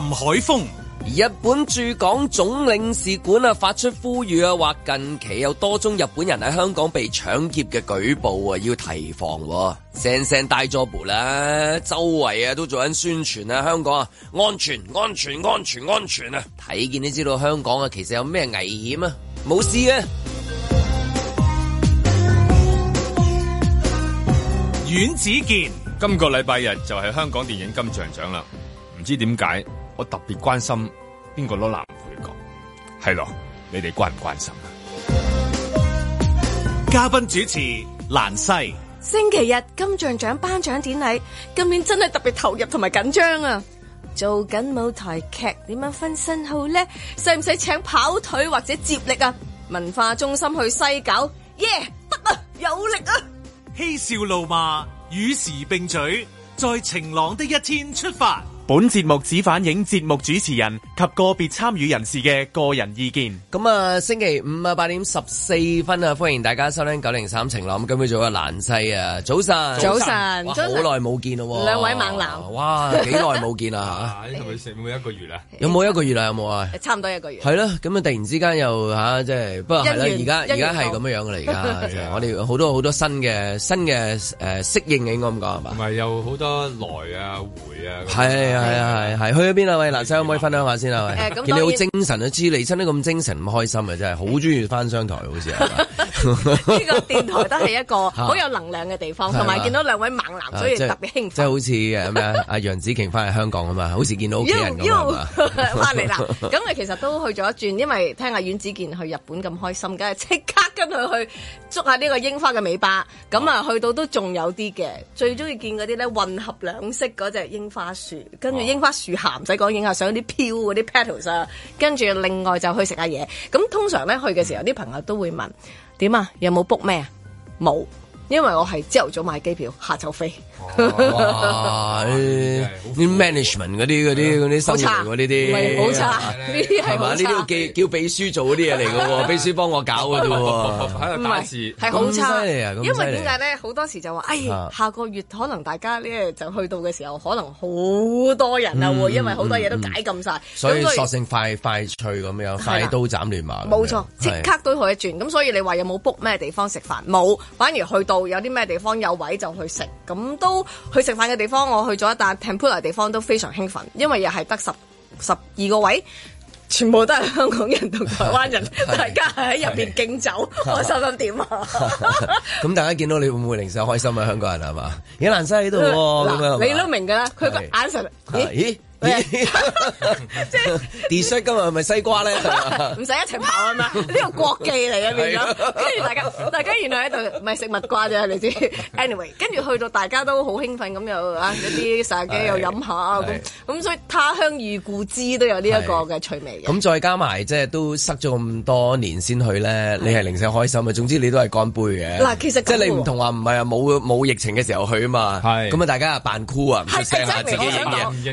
林海峰，日本駐港總領事館啊，發出呼籲啊，話近期有多宗日本人喺香港被搶劫嘅舉報啊，要提防。聲聲大作步啦，周圍啊都做緊宣傳啦，香港啊安全，安全，安全，安全啊！睇見你知道香港啊，其實有咩危險啊？冇事嘅。阮子健，今個禮拜日就係香港電影金像獎啦，唔知點解。我特別關心邊個攞男配角，係咯？你哋關唔關心啊？嘉賓主持蘭西，星期日金像獎頒獎典禮，今年真係特別投入同埋緊張啊！做緊舞台劇點樣分身好呢？使唔使請跑腿或者接力啊？文化中心去西九，耶、yeah, 得啊！有力啊！嬉笑怒罵與時並嘴，在晴朗的一天出發。本節目只反映節目主持人及個別參與人士嘅個人意見。咁啊，星期五啊八點十四分啊，歡迎大家收聽九零三晴朗。今日做阿蘭西啊，早晨，早晨，好耐冇見咯，兩位猛男，哇，幾耐冇見啊？係咪食冇一個月啊？有冇一個月啊？有冇啊？差唔多一個月。係咯，咁啊，突然之間又吓，即係不過係啦，而家而家係咁樣樣嚟，而家就我哋好多好多新嘅新嘅誒適應嘅，應該咁講係嘛？同埋又好多來啊回啊。係。係啊係係，去咗邊啊喂，蘭生可唔可以分享下先啊喂？見你好精神啊，知嚟親都咁精神咁開心啊真係，好中意翻商台好似係嘛？呢個電台都係一個好有能量嘅地方，同埋見到兩位猛男，所以特別興奮。即係好似誒咩啊？阿楊子晴翻嚟香港啊嘛，好似見到人咁啊嘛。翻嚟啦，咁啊其實都去咗一轉，因為聽阿阮子健去日本咁開心，梗係即刻。去 去捉下呢個櫻花嘅尾巴，咁、哦、啊去到都仲有啲嘅，最中意見嗰啲咧混合兩色嗰隻櫻花樹，跟住櫻花樹下唔使講影下相，啲飄嗰啲 petals 啊，跟住另外就去食下嘢，咁通常咧去嘅時候，啲朋友都會問點啊，有冇 book 咩啊？冇，因為我係朝頭早買機票，下晝飛。哦、哇！啲 啲 management 嗰啲嗰啲嗰啲，收呢啲，唔係好差，呢啲係好差。係嘛？呢啲叫秘書做嗰啲嘢嚟嘅喎， 秘書幫我搞嘅啫喎，唔 係不是 事，係好差啊！因為點解咧？好多時就話，哎，下個月可能大家呢，就去到嘅時候，可能好多人啦喎、嗯，因為好多嘢都解禁晒、嗯，所以索性快快脆咁樣，快刀斬亂麻，冇錯，即刻都可以轉。咁所以你話有冇 book 咩地方食飯？冇，反而去到有啲咩地方有位就去食，咁都。都去食飯嘅地方，我去咗一笪 t e m p a e 嘅地方都非常興奮，因為又係得十十二個位，全部都係香港人同台灣人， 大家喺入邊敬酒， 我心諗點啊？咁 大家見到你會唔會零舍開心啊？香港人係嘛，而家蘭西喺度、哦， 你都明噶啦，佢 個眼神，咦？啊咦 即係今日係咪西瓜咧？唔 使一齊跑啊！呢 個國際嚟嘅變咗，跟 住大家 大家原來喺度唔係食蜜瓜啫，你知？anyway，跟住去到大家都好興奮咁又啊，啲茶記又飲下啊咁咁，所以他鄉遇故知都有呢一個嘅趣味。咁再加埋即係都塞咗咁多年先去咧，嗯，你係零舍開心啊！總之你都係乾杯嘅。嗱，其實即係你唔同話唔係啊，冇冇疫情嘅時候去啊嘛。係咁啊，大家啊扮酷啊唔 show 下自己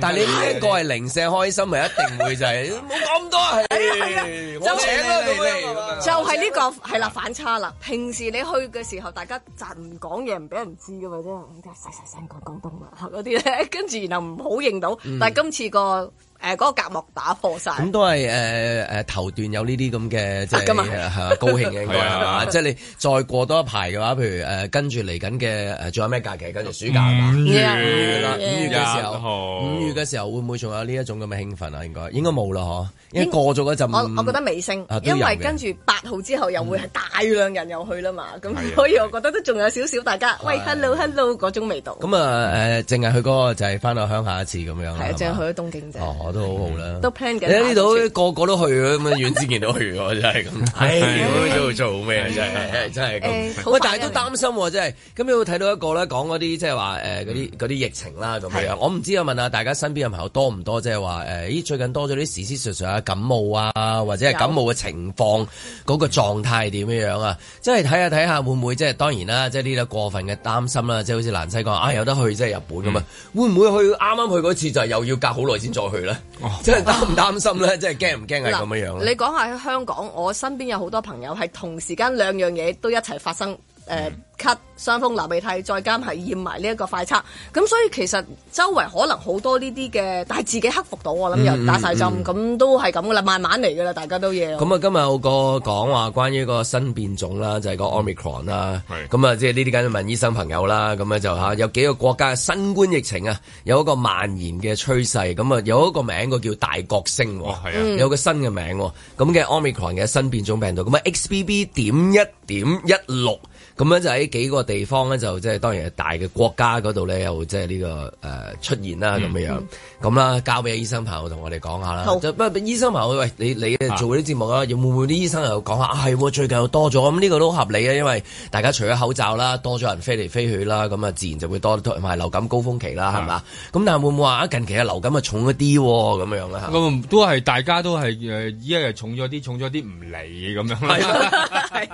但你個係零舍開心咪 一定會就係冇咁多，係、 就係、啊，就請、係呢個、就係、係、呢、呢個係啦反差啦。平時你去嘅時候， 大家集唔講嘢，唔俾人知噶嘛啫，細細聲講廣東話嗰啲咧，跟住然後唔好認到，嗯、但係今次個。嗰、那個隔膜打破晒，咁、那個、都係誒誒頭段有呢啲咁嘅即係係啊，啊高興嘅應該，即係、就是、你再過多一排嘅話，譬如誒跟住嚟緊嘅仲有咩假期？跟住暑假 sare,、嗯、月 ó, 五月啦，五月嘅時候，五、yeah, yeah, yeah, yeah, yeah, yeah. 月嘅時，時候會唔會仲有呢一種咁嘅興奮啊？應該應該冇啦嗬，因為過咗嗰陣，我我覺得微升、啊，因為跟住八號之後又會係大量人又去啦嘛，咁所以我覺得都仲有少少大家喂 hello hello 嗰種味道。咁啊誒，淨係、呃、去嗰個就係翻到鄉下一次咁樣係啊，淨係去咗東京啫。都好好啦，嗯，你喺呢度個個都去嘅，咁啊遠知見到佢喎、 哎，真係咁。唉、欸，咁做咩真係真係咁。喂、嗯嗯，但係都、嗯、擔心喎，真係。咁你會睇到一個咧講嗰啲即係話誒嗰啲啲疫情啦咁樣我？我唔知啊，問下大家身邊嘅朋友多唔多，即係話誒？咦、欸，最近多咗啲時時常常啊感冒啊，或者係感冒嘅情況嗰個狀態點樣啊？即係睇下睇下會唔會即係當然啦，即係呢啲過分嘅擔心啦。即係好似蘭西講啊，有得去即係日本咁啊，會唔會去啱啱去嗰次就又要隔好耐先再去咧？即係擔唔擔心咧？即係驚唔驚係咁樣樣 你講下喺香港，我身邊有好多朋友係同時間兩樣嘢都一齊發生。誒，咳，傷風流鼻涕，再加埋驗埋呢一個快測，咁所以其實周圍可能好多呢啲嘅，但係自己克服到，我諗又打晒針，咁都係咁噶啦，慢慢嚟噶啦，大家都要。咁啊，今日有個講話關於個新變種啦，就係個 Omicron 啦，咁啊，即係呢啲梗要問醫生朋友啦，咁咧就吓有幾個國家嘅新冠疫情啊，有一個蔓延嘅趨勢，咁啊有一個名個叫大角星，有個新嘅名，咁嘅 Omicron 嘅新變種病毒，咁啊 XBB 點一點一六。咁樣就喺幾個地方咧，就即、就、係、是、當然係大嘅國家嗰度咧，又即係呢個誒、呃、出現啦咁、嗯、樣。咁啦，交俾醫生朋友同我哋講下啦。好就，醫生朋友，喂，你你做嗰啲節目啦，會唔會啲醫生又講下？係、哎、喎，最近又多咗，咁、嗯、呢、這個都合理啊，因為大家除咗口罩啦，多咗人飛嚟飛去啦，咁、嗯、啊自然就會多多，唔係流感高峰期啦，係嘛？咁但係會唔會話近期嘅流感啊重一啲咁樣咧，咁都係大家都係一日重咗啲，重咗啲唔理咁樣係啊，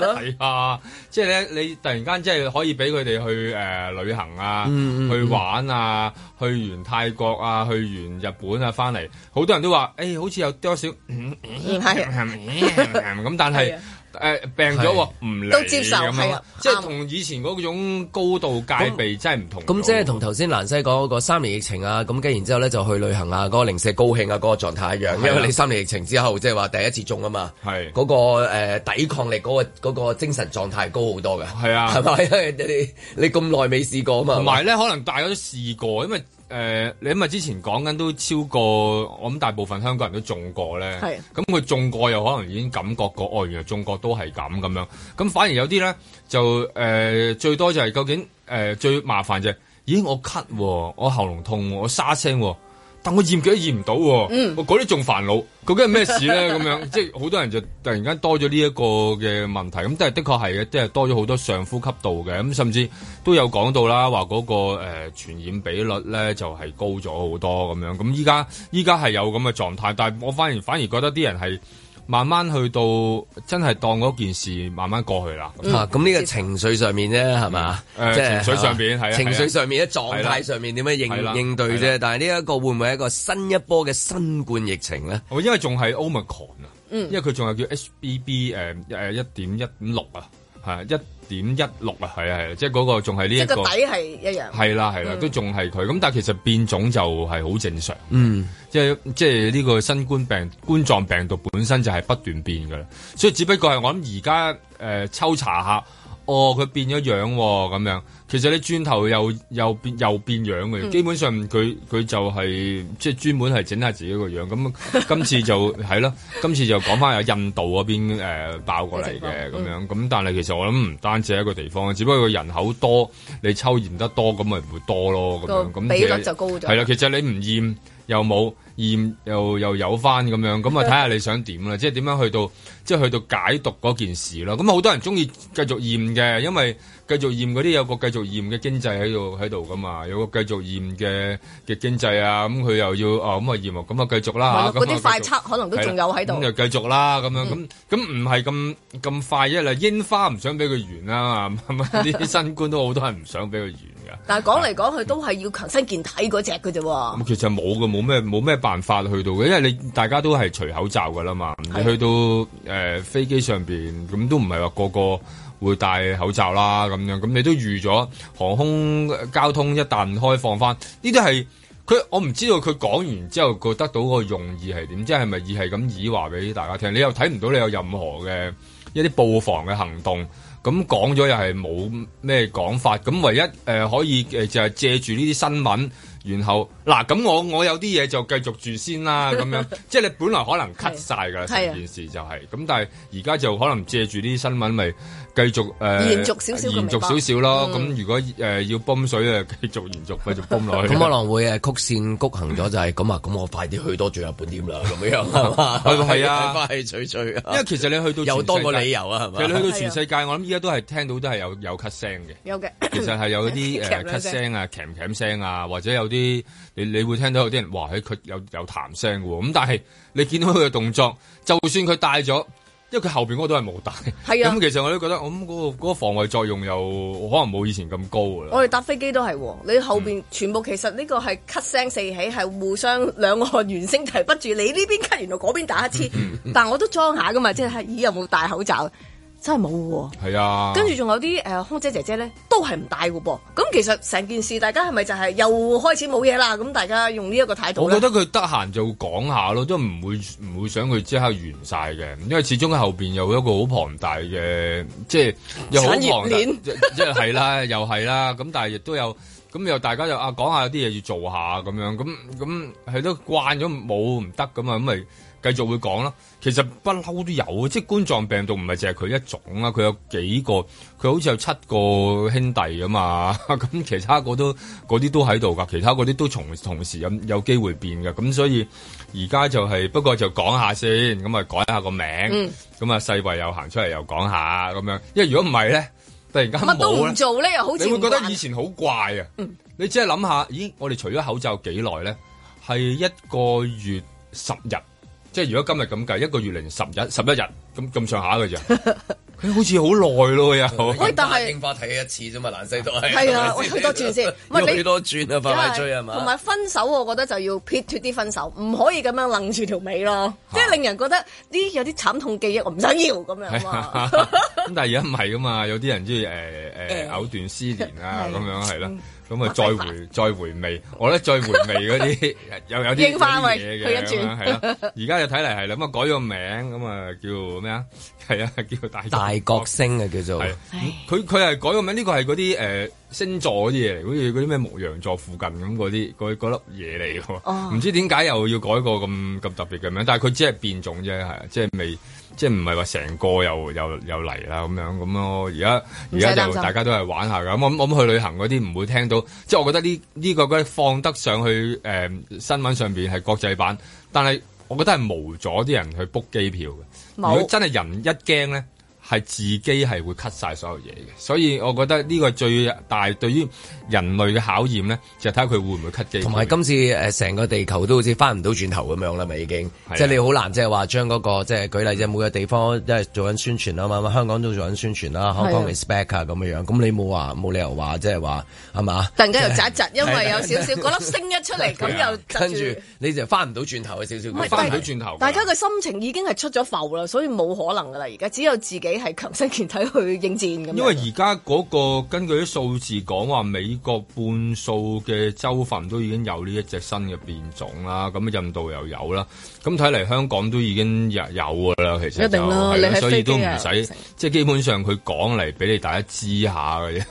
咯 係啊，即係。你，你突然間即係可以俾佢哋去誒、呃、旅行啊、嗯嗯，去玩啊，去完泰國啊，去完日本啊，翻嚟好多人都話，誒、欸，好似有多少嗯係咁，嗯嗯、 但係是。 誒、呃、病咗喎，唔都接受係啊，即係同以前嗰種高度戒備、嗯、真係唔同、嗯。咁、嗯、即係同頭先蘭西講嗰個三年疫情啊，咁跟然之後咧就去旅行啊，嗰個零舍高興啊，嗰個狀態一樣。啊、因為你三年疫情之後，即係話第一次中啊嘛，嗰個、啊、呃、抵抗力嗰個嗰個精神狀態高好多㗎。係啊，係，係咪？因為你你咁耐未試過啊嘛，同埋咧可能大家都試過，因為。誒、呃，你咪之前講緊都超過，我諗大部分香港人都中過咧。係。咁佢中過又可能已經感覺過，哦，原來中過都係咁咁樣。咁反而有啲咧就誒、呃，最多就係究竟誒、呃、最麻煩就係。咦，我咳，我喉嚨痛，我沙聲。但我驗嘅都驗唔到，我嗰啲仲煩惱，究竟係咩事咧？咁 樣即係好多人就突然間多咗呢一個嘅問題，咁即係的確係嘅，即係多咗好多上呼吸道嘅，咁甚至都有講到啦，話嗰、個、呃、傳染比率咧就係、是、高咗好多咁樣，咁依家依家係有咁嘅狀態，但係我反而反而覺得啲人係。慢慢去到真係當嗰件事慢慢過去啦、嗯。啊，咁呢個情緒上面啫，係嘛？誒、嗯呃即係，情緒上面係啊，情緒上面嘅狀態上面點樣應應對啫？但係呢一個會唔會係一個新一波嘅新冠疫情咧？我因為仲係奧密克隆啊，因為佢仲係叫 HBB 誒誒一點一點六啊，係一。點一六啊，係啊係啊，即係嗰個仲係呢一個底係一樣，係啦係啦，是是嗯、都仲係佢。咁但係其實變種就係好正常，嗯，即係即係呢個新冠病冠狀病毒本身就係不斷變噶啦，所以只不過係我諗而家誒抽查下。哦，佢變咗樣喎、哦，咁樣其實你轉頭又又，又變又變樣嘅、嗯，基本上佢佢就係即係專門係整下自己個樣，咁今次就係咯，今次就講返有印度嗰邊、呃、爆過嚟嘅咁樣，咁但係其實我諗唔單止係一個地方、嗯，只不過人口多，你抽驗得多咁咪唔會多咯，咁樣咁比率就高咗，係啦，其實你唔驗。又冇驗又又有翻咁樣，咁啊睇下你想點啦，即係點樣去到，即係去到解讀嗰件事咯。咁啊，好多人中意繼續驗嘅，因為繼續驗嗰啲有個繼續驗嘅經濟喺度喺度噶嘛，有個繼續驗嘅嘅經濟啊，咁佢又要啊咁啊驗喎，咁、哦、啊繼續啦嗰啲快測可能都仲有喺度。咁又繼續啦，咁樣咁咁唔係咁咁快嘅啦。櫻花唔想俾佢完啦嘛，啲 新冠都好多係唔想俾佢完。但係講嚟講去都係要強身健體嗰隻嘅啫，咁其實冇嘅，冇咩冇咩辦法去到嘅，因為你大家都係除口罩噶啦嘛，你去到誒、呃、飛機上邊，咁都唔係話個個會戴口罩啦，咁樣咁你都預咗航空交通一旦開放翻，呢啲係佢我唔知道佢講完之後佢得到個用意係點，即係咪意係咁意話俾大家聽？你又睇唔到你有任何嘅一啲布防嘅行動。咁講咗又係冇咩講法，咁唯一誒、呃、可以、呃、就係借住呢啲新聞，然後嗱咁我我有啲嘢就繼續住先啦，咁 樣即係你本來可能 cut 曬㗎喇成件事就係、是，咁但係而家就可能借住呢啲新聞咪。繼續誒、呃，延續少少，延續少少咯。咁、嗯、如果誒、呃、要泵水啊，繼續延續繼續泵落去。咁可能會誒曲線曲行咗 就係咁啊。咁我快啲去多最後半點啦，咁樣係嘛？係啊，快啊。因為其實你去到全世界有，多個理由啊，係嘛？你去到全世界，啊、我諗依家都係聽到都係有有咳聲嘅。有嘅。其實係有啲誒咳聲啊，咳嗽聲聲啊，或者有啲你你會聽到有啲人話佢有有痰聲嘅。咁但係你見到佢嘅動作，就算佢帶咗。因為佢後邊嗰個都係冇戴啊，咁其實我都覺得，咁嗰個嗰個防衛作用又可能冇以前咁高噶啦。我哋搭飛機都係，你後邊全部其實呢個係咳聲四起，係、嗯、互相兩岸原聲提。不住猿聲啼不住，你呢邊咳完，就嗰邊打一次，嗯、但係我都裝下噶嘛，即係咦有冇戴口罩？真係冇喎，係啊！跟住仲有啲誒空姐姐姐咧，都係唔戴嘅噃。咁其實成件事，大家係咪就係又開始冇嘢啦？咁大家用呢一個態度，我覺得佢得閒就講下咯，都唔會唔會想佢即刻完晒嘅，因為始終後邊有一個好龐大嘅，即係產業鏈，一 係啦，又係啦。咁但係亦都有咁又大家又啊講下有啲嘢要做下咁樣，咁咁係都慣咗冇唔得咁啊，咁咪。繼續會講啦，其實不嬲都有啊，即係冠狀病毒唔係淨係佢一種啊，佢有幾個，佢好似有七個兄弟啊嘛，咁其他個都嗰啲都喺度噶，其他嗰啲都同同時有有機會變嘅，咁所以而家就係、是、不過就講下先，咁啊改下個名，咁、嗯、啊世衞又行出嚟又講下咁樣，因為如果唔係咧，突然間冇咧，乜都唔做咧，又好似，你會覺得以前好怪啊，你只係諗下，咦，我哋除咗口罩幾耐咧？係一個月十日。即係如果今日咁計，一個月零十日，十一日咁咁上下嘅咋？佢好似好耐咯又 但，但係櫻花睇一次啫嘛，蘭西都係。係啊，喂， 多轉先，喂，你多轉啊，快快追啊嘛？同埋分手，我覺得就要撇脱啲分手，唔可以咁樣擸住條尾咯，即、啊、係、就是、令人覺得啲有啲慘痛記憶，我唔想要咁樣。咁但係而家唔係噶嘛，有啲人中意誒誒藕斷絲連啊，咁樣係咯。咁啊，再回再回味，嗯、我覺得再回味嗰啲 又有啲嘢嘅，係咯。而家又睇嚟係咁啊，改咗個名，咁啊叫咩啊？係啊，叫大大角星啊，叫做。佢佢係改個名，呢個係嗰啲誒星座啲嘢嚟，好似嗰啲咩牧羊座附近咁嗰啲嗰粒嘢嚟。哦，唔知點解又要改個咁咁特別嘅名，但係佢只係變種啫，係啊，即係未，即係唔係話成個又又又嚟啦咁樣咁咯。而家而家就大家都係玩下噶，咁咁咁去旅行嗰啲唔會聽到。即係我覺得呢呢個咧放得上去誒新聞上邊係國際版，但係。我覺得係無阻啲人去 book 機票嘅。如果真係人一驚咧～係自己係會 cut 曬所有嘢嘅，所以我覺得呢個最大對於人類嘅考驗呢，就睇下佢會唔會 cut 機。同埋今次誒成、呃、個地球都好似翻唔到轉頭咁樣啦咪已經，啊、即係你好難即係話將嗰、嗰個即係舉例，即每個地方都係做緊宣傳啦嘛，香港都做緊宣傳啦、啊，香港 respect 啊咁樣樣，咁你冇話冇理由話即係話係嘛？突然間又窒一窒，因為，啊、因為有少少嗰粒星一出嚟咁、啊、又跟住你就翻唔到轉頭嘅少少，翻唔到轉頭的。啊、大家嘅心情已經係出咗浮啦，所以冇可能噶啦，而家只有自己。係強身健體去應戰咁。因為而家嗰個根據啲數字講話，美國半數嘅州份都已經有呢一隻新嘅變種啦。咁印度又有啦。咁睇嚟香港都已經有有噶啦，其實就一定啦、啊啊。所以都唔使、啊、即係基本上佢講嚟俾你大家知下嘅。啫。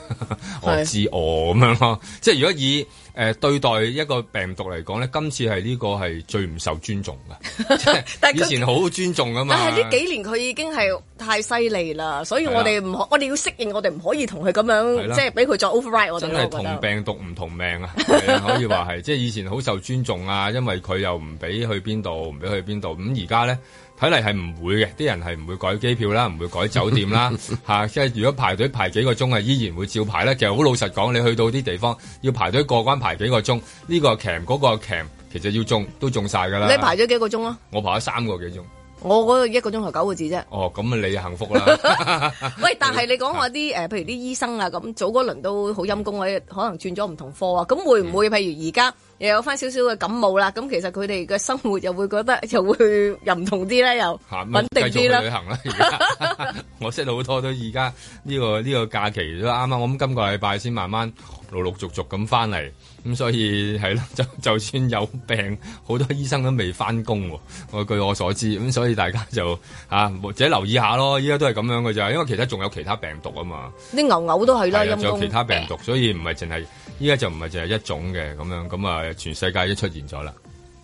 我知我咁樣咯。即係如果以誒、呃、對待一個病毒嚟講咧，今次係呢個係最唔受尊重㗎。 但是他 以前好尊重㗎嘛，但係呢幾年佢已經係太犀利啦，所以我哋唔可、啊、我哋要適應，我哋唔可以同佢咁樣，即係俾佢再 override 我。我真係同病毒唔同命啊， 啊可以話係，即係以前好受尊重啊，因為佢又唔俾去邊度，唔俾去邊度。咁而家咧。睇嚟係唔會嘅，啲人係唔會改機票啦，唔會改酒店啦，即 係如果排隊排幾個鐘，係依然會照排咧。其實好老實講，你去到啲地方要排隊過關排幾個鐘，呢個強，嗰個強，其實要中都中晒㗎啦。你排咗幾個鐘啊？我排咗三個幾鐘。我嗰一個鐘頭九個字啫。哦，咁啊，你就幸福啦。喂，但係你講話啲誒，譬如啲醫生啊，咁早嗰輪都好陰功啊，可能轉咗唔同科啊，咁會唔會譬如而家又有翻少少嘅感冒啦？咁其實佢哋嘅生活又會覺得又會又唔同啲咧，又穩定啲嘅旅行啦。而家我識好多都，而家呢個呢個假期都啱啱，我諗今個禮拜先慢慢陸陸續續咁翻嚟。咁、嗯、所以係咯，就就算有病，好多醫生都未翻工。我據我所知，咁所以大家就吓或者留意下咯。依家都係咁樣嘅咋，因為其他仲有其他病毒啊嘛。啲牛牛都係啦。仲有其他病毒，所以唔係淨係依家就唔係淨係一種嘅咁樣，咁啊全世界都出現咗啦。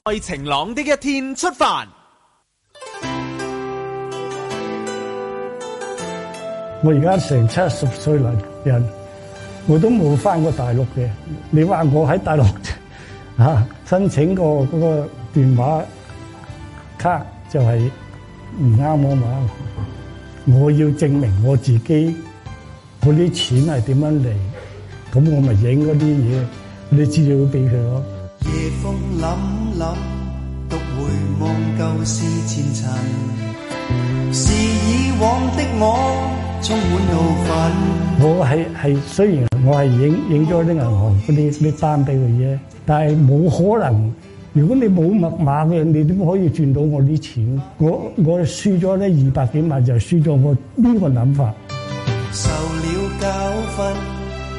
在晴朗的一天出發，我而家成七十歲老人。我都冇返過大陸嘅，你話我喺大陸吓、啊、申請個嗰個電話卡就係唔啱我嘛？我要證明我自己，我啲錢係點樣嚟，咁我咪影嗰啲嘢，你資料俾佢咯。夜風凛凛，獨回望舊事前塵，是以往的我充滿怒憤。我係係雖然。我係影影咗啲銀行嗰啲啲單俾佢啫，但係冇可能。如果你冇密碼嘅你點可以轉到我啲錢？我我輸咗呢二百幾萬，就輸咗我呢個諗法。受了教訓，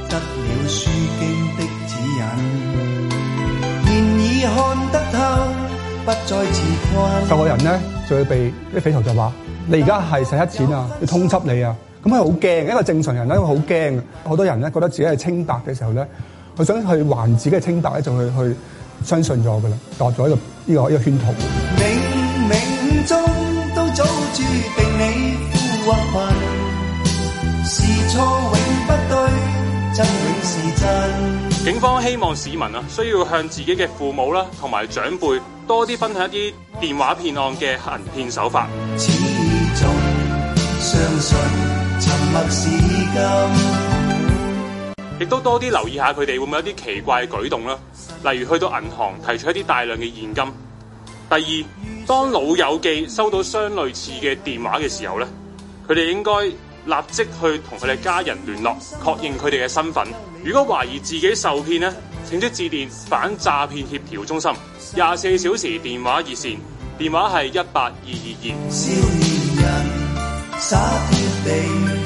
得了書經的指引，現已看得透，不再自困。受害人咧就要被啲匪徒就話：你而家係洗黑錢啊，要通緝你啊！咁佢好驚，一個正常人咧，佢好驚。好多人咧，覺得自己係清白嘅時候咧，佢想去還自己嘅清白咧，就去去相信咗嘅啦，入咗一個呢、呢個真、呢個圈套。冥冥中都早注定你富或貧，是錯永不對，真永是真。警方希望市民啊，需要向自己嘅父母啦，同埋長輩多啲分享一啲電話騙案嘅行騙手法。亦都多啲留意下佢哋會唔會有啲奇怪嘅舉動啦，例如去到銀行提取一啲大量嘅現金。第二，當老友記收到相類似嘅電話嘅時候咧，佢哋應該立即去同佢哋家人聯絡，確認佢哋嘅身份。如果懷疑自己受騙咧，請即致電反詐騙協調中心，廿四小時電話熱線，電話係一八二二二。少年人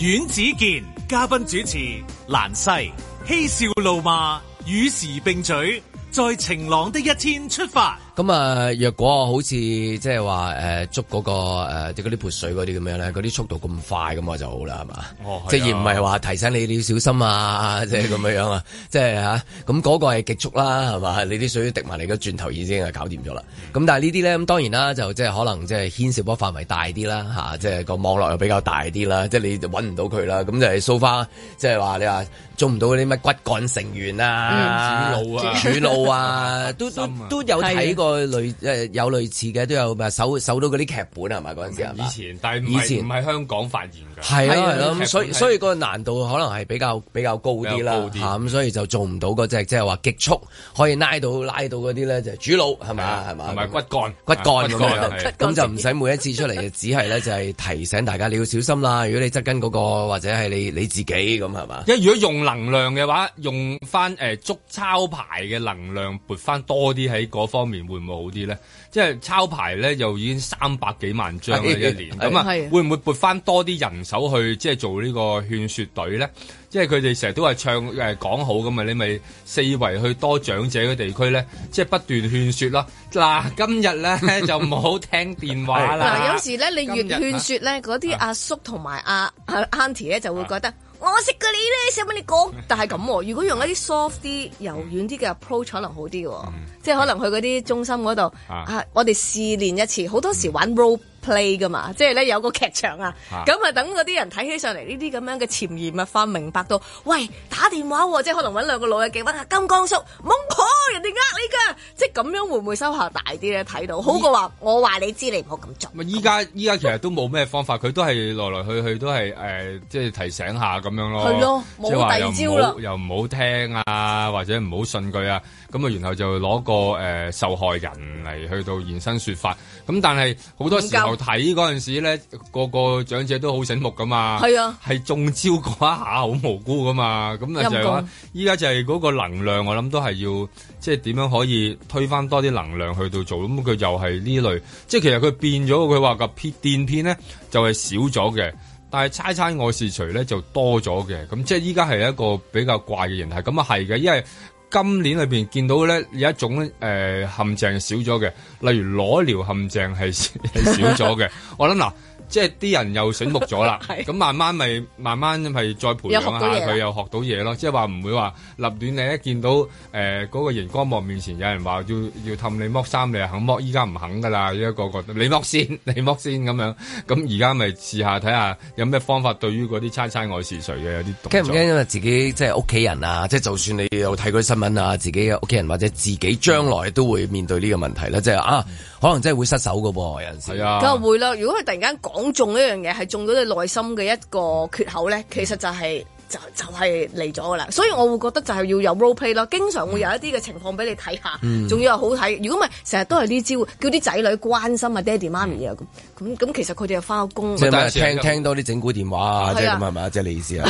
阮子健嘉賓主持，蘭西嬉笑怒罵，與時並舉，在晴朗的一天出發。咁、就是那個呃哦、啊，若果好似即係話誒捉個誒即係啲潑水啲咁樣咧，啲速度咁快咁啊就好啦，係嘛？即而唔係話提醒你你要小心啊？ 即係咁樣啊？即係吓咁個係極速啦，係嘛？你啲水滴埋嚟，而家轉頭已經係搞掂咗啦。咁但係呢啲咧咁當然啦，就即係可能即係牽涉波範圍大啲啦吓、啊、即係個網絡又比較大啲啦，即係你就揾唔到佢啦，咁就係 so far，即係話你話捉唔到啲乜骨幹成員啊、嗯、主腦啊、主腦啊， 啊，啊，啊，都都都有睇過。類誒、呃、有類似嘅都有嘛？搜搜到嗰啲劇本係咪嗰陣時以前，是但係唔係唔喺香港發言嘅。係啊，係咯、啊。咁所以所以個難度可能係比較比較高啲啦。吓咁、啊，所以就做唔到嗰隻即係話極速可以拉到拉到嗰啲咧，就主腦係嘛係嘛，同埋骨幹骨幹咁樣。咁、啊啊、就唔使每一次出嚟， 只係咧就係、是、提醒大家你要小心啦。如果你側跟嗰個或者係你你自己咁係嘛？因為如果用能量嘅話，用翻誒捉抄牌嘅能量撥翻多啲喺嗰方面會會唔會好啲咧，即係抄牌咧，又已經三百幾萬張啦，一年，咁啊，會唔會撥翻多啲人手去即係做呢個勸説隊咧？即係佢哋成日都話唱誒講好咁啊，你咪四圍去多長者嘅地區咧，即係不斷勸説啦。嗱，今日咧就唔好聽電話 啦。嗱，有時咧你越勸説咧，嗰啲阿叔同埋阿阿 aunty 咧就會覺得。啊我識過你咧，想畀你講。 但係咁，如果用一啲 soft 啲、柔軟啲嘅 approach，可能好啲。 即係可能去嗰啲中心嗰度， 啊，我哋試練一次。好多時玩 rope。Play 噶嘛，即係咧有個劇場啊，咁啊等嗰啲人睇起上嚟呢啲咁樣嘅潛移默化，明白到喂打電話、哦、即係可能搵兩個老友記搵下金剛叔，蒙台人哋呃你噶，即係咁樣會唔會收效大啲咧？睇到好過話我話你知，你唔好咁做。咁依家依家其實都冇咩方法，佢都係來來去去都係誒、呃、即係提醒下咁樣咯。係咯，冇第二招又唔、啊、又唔好聽啊，或者唔好信佢啊，咁啊，然後就攞個誒、呃、受害人嚟去到現身說法。咁但係好多時候。睇嗰陣時咧，個個長者都好醒目噶嘛。係啊，係中招嗰一下好無辜噶嘛，咁啊就係講，依家就係嗰個能量，我諗都係要，即係點樣可以推返多啲能量去到做，咁佢又係呢類，即係其實佢變咗，佢話個片電片咧就係、是、少咗嘅，但係猜猜我是誰咧，就多咗嘅，咁即係依家係一個比較怪嘅形態，咁啊係嘅，因為。今年裏面見到咧有一種誒、呃、陷阱係少咗嘅，例如裸聊陷阱係係 少咗嘅，我諗嗱。即係啲人又醒目咗啦，咁 慢慢咪慢慢咪再培養下佢，又學到嘢、啊、咯。即係話唔會話立亂你一見到誒嗰、呃那個熒光幕面前有人話要要氹你剝衫，你就肯剝，依家唔肯噶啦，依家個個你剝先，你剝先咁樣，咁而家咪試下睇下有咩方法對於嗰啲猜猜我是誰嘅有啲動作。驚唔驚？因為自己即係屋企人啊，即係就算你有睇佢新聞啊，自己嘅屋企人或者自己將來都會面對呢個問題啦。即係啊、嗯，可能真係會失手噶喎，有陣時。係啊。梗係會啦，如果佢突然間講。講中一樣嘢，係中咗你內心嘅一個缺口咧，其實就係、是、就就係嚟咗噶啦，所以我會覺得就係要有 role play 咯，經常會有一啲嘅情況俾你睇下，仲、嗯、要係好睇。如果唔係，成日都係呢招，叫啲仔女關心啊爹哋媽咪啊咁，咁、嗯、咁其實佢哋又翻個工，即、就、係、是、聽是是聽，聽到啲整蠱電話是啊，即係咁係咪？即、就、係、是、你意思啊？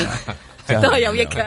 都係有益嘅，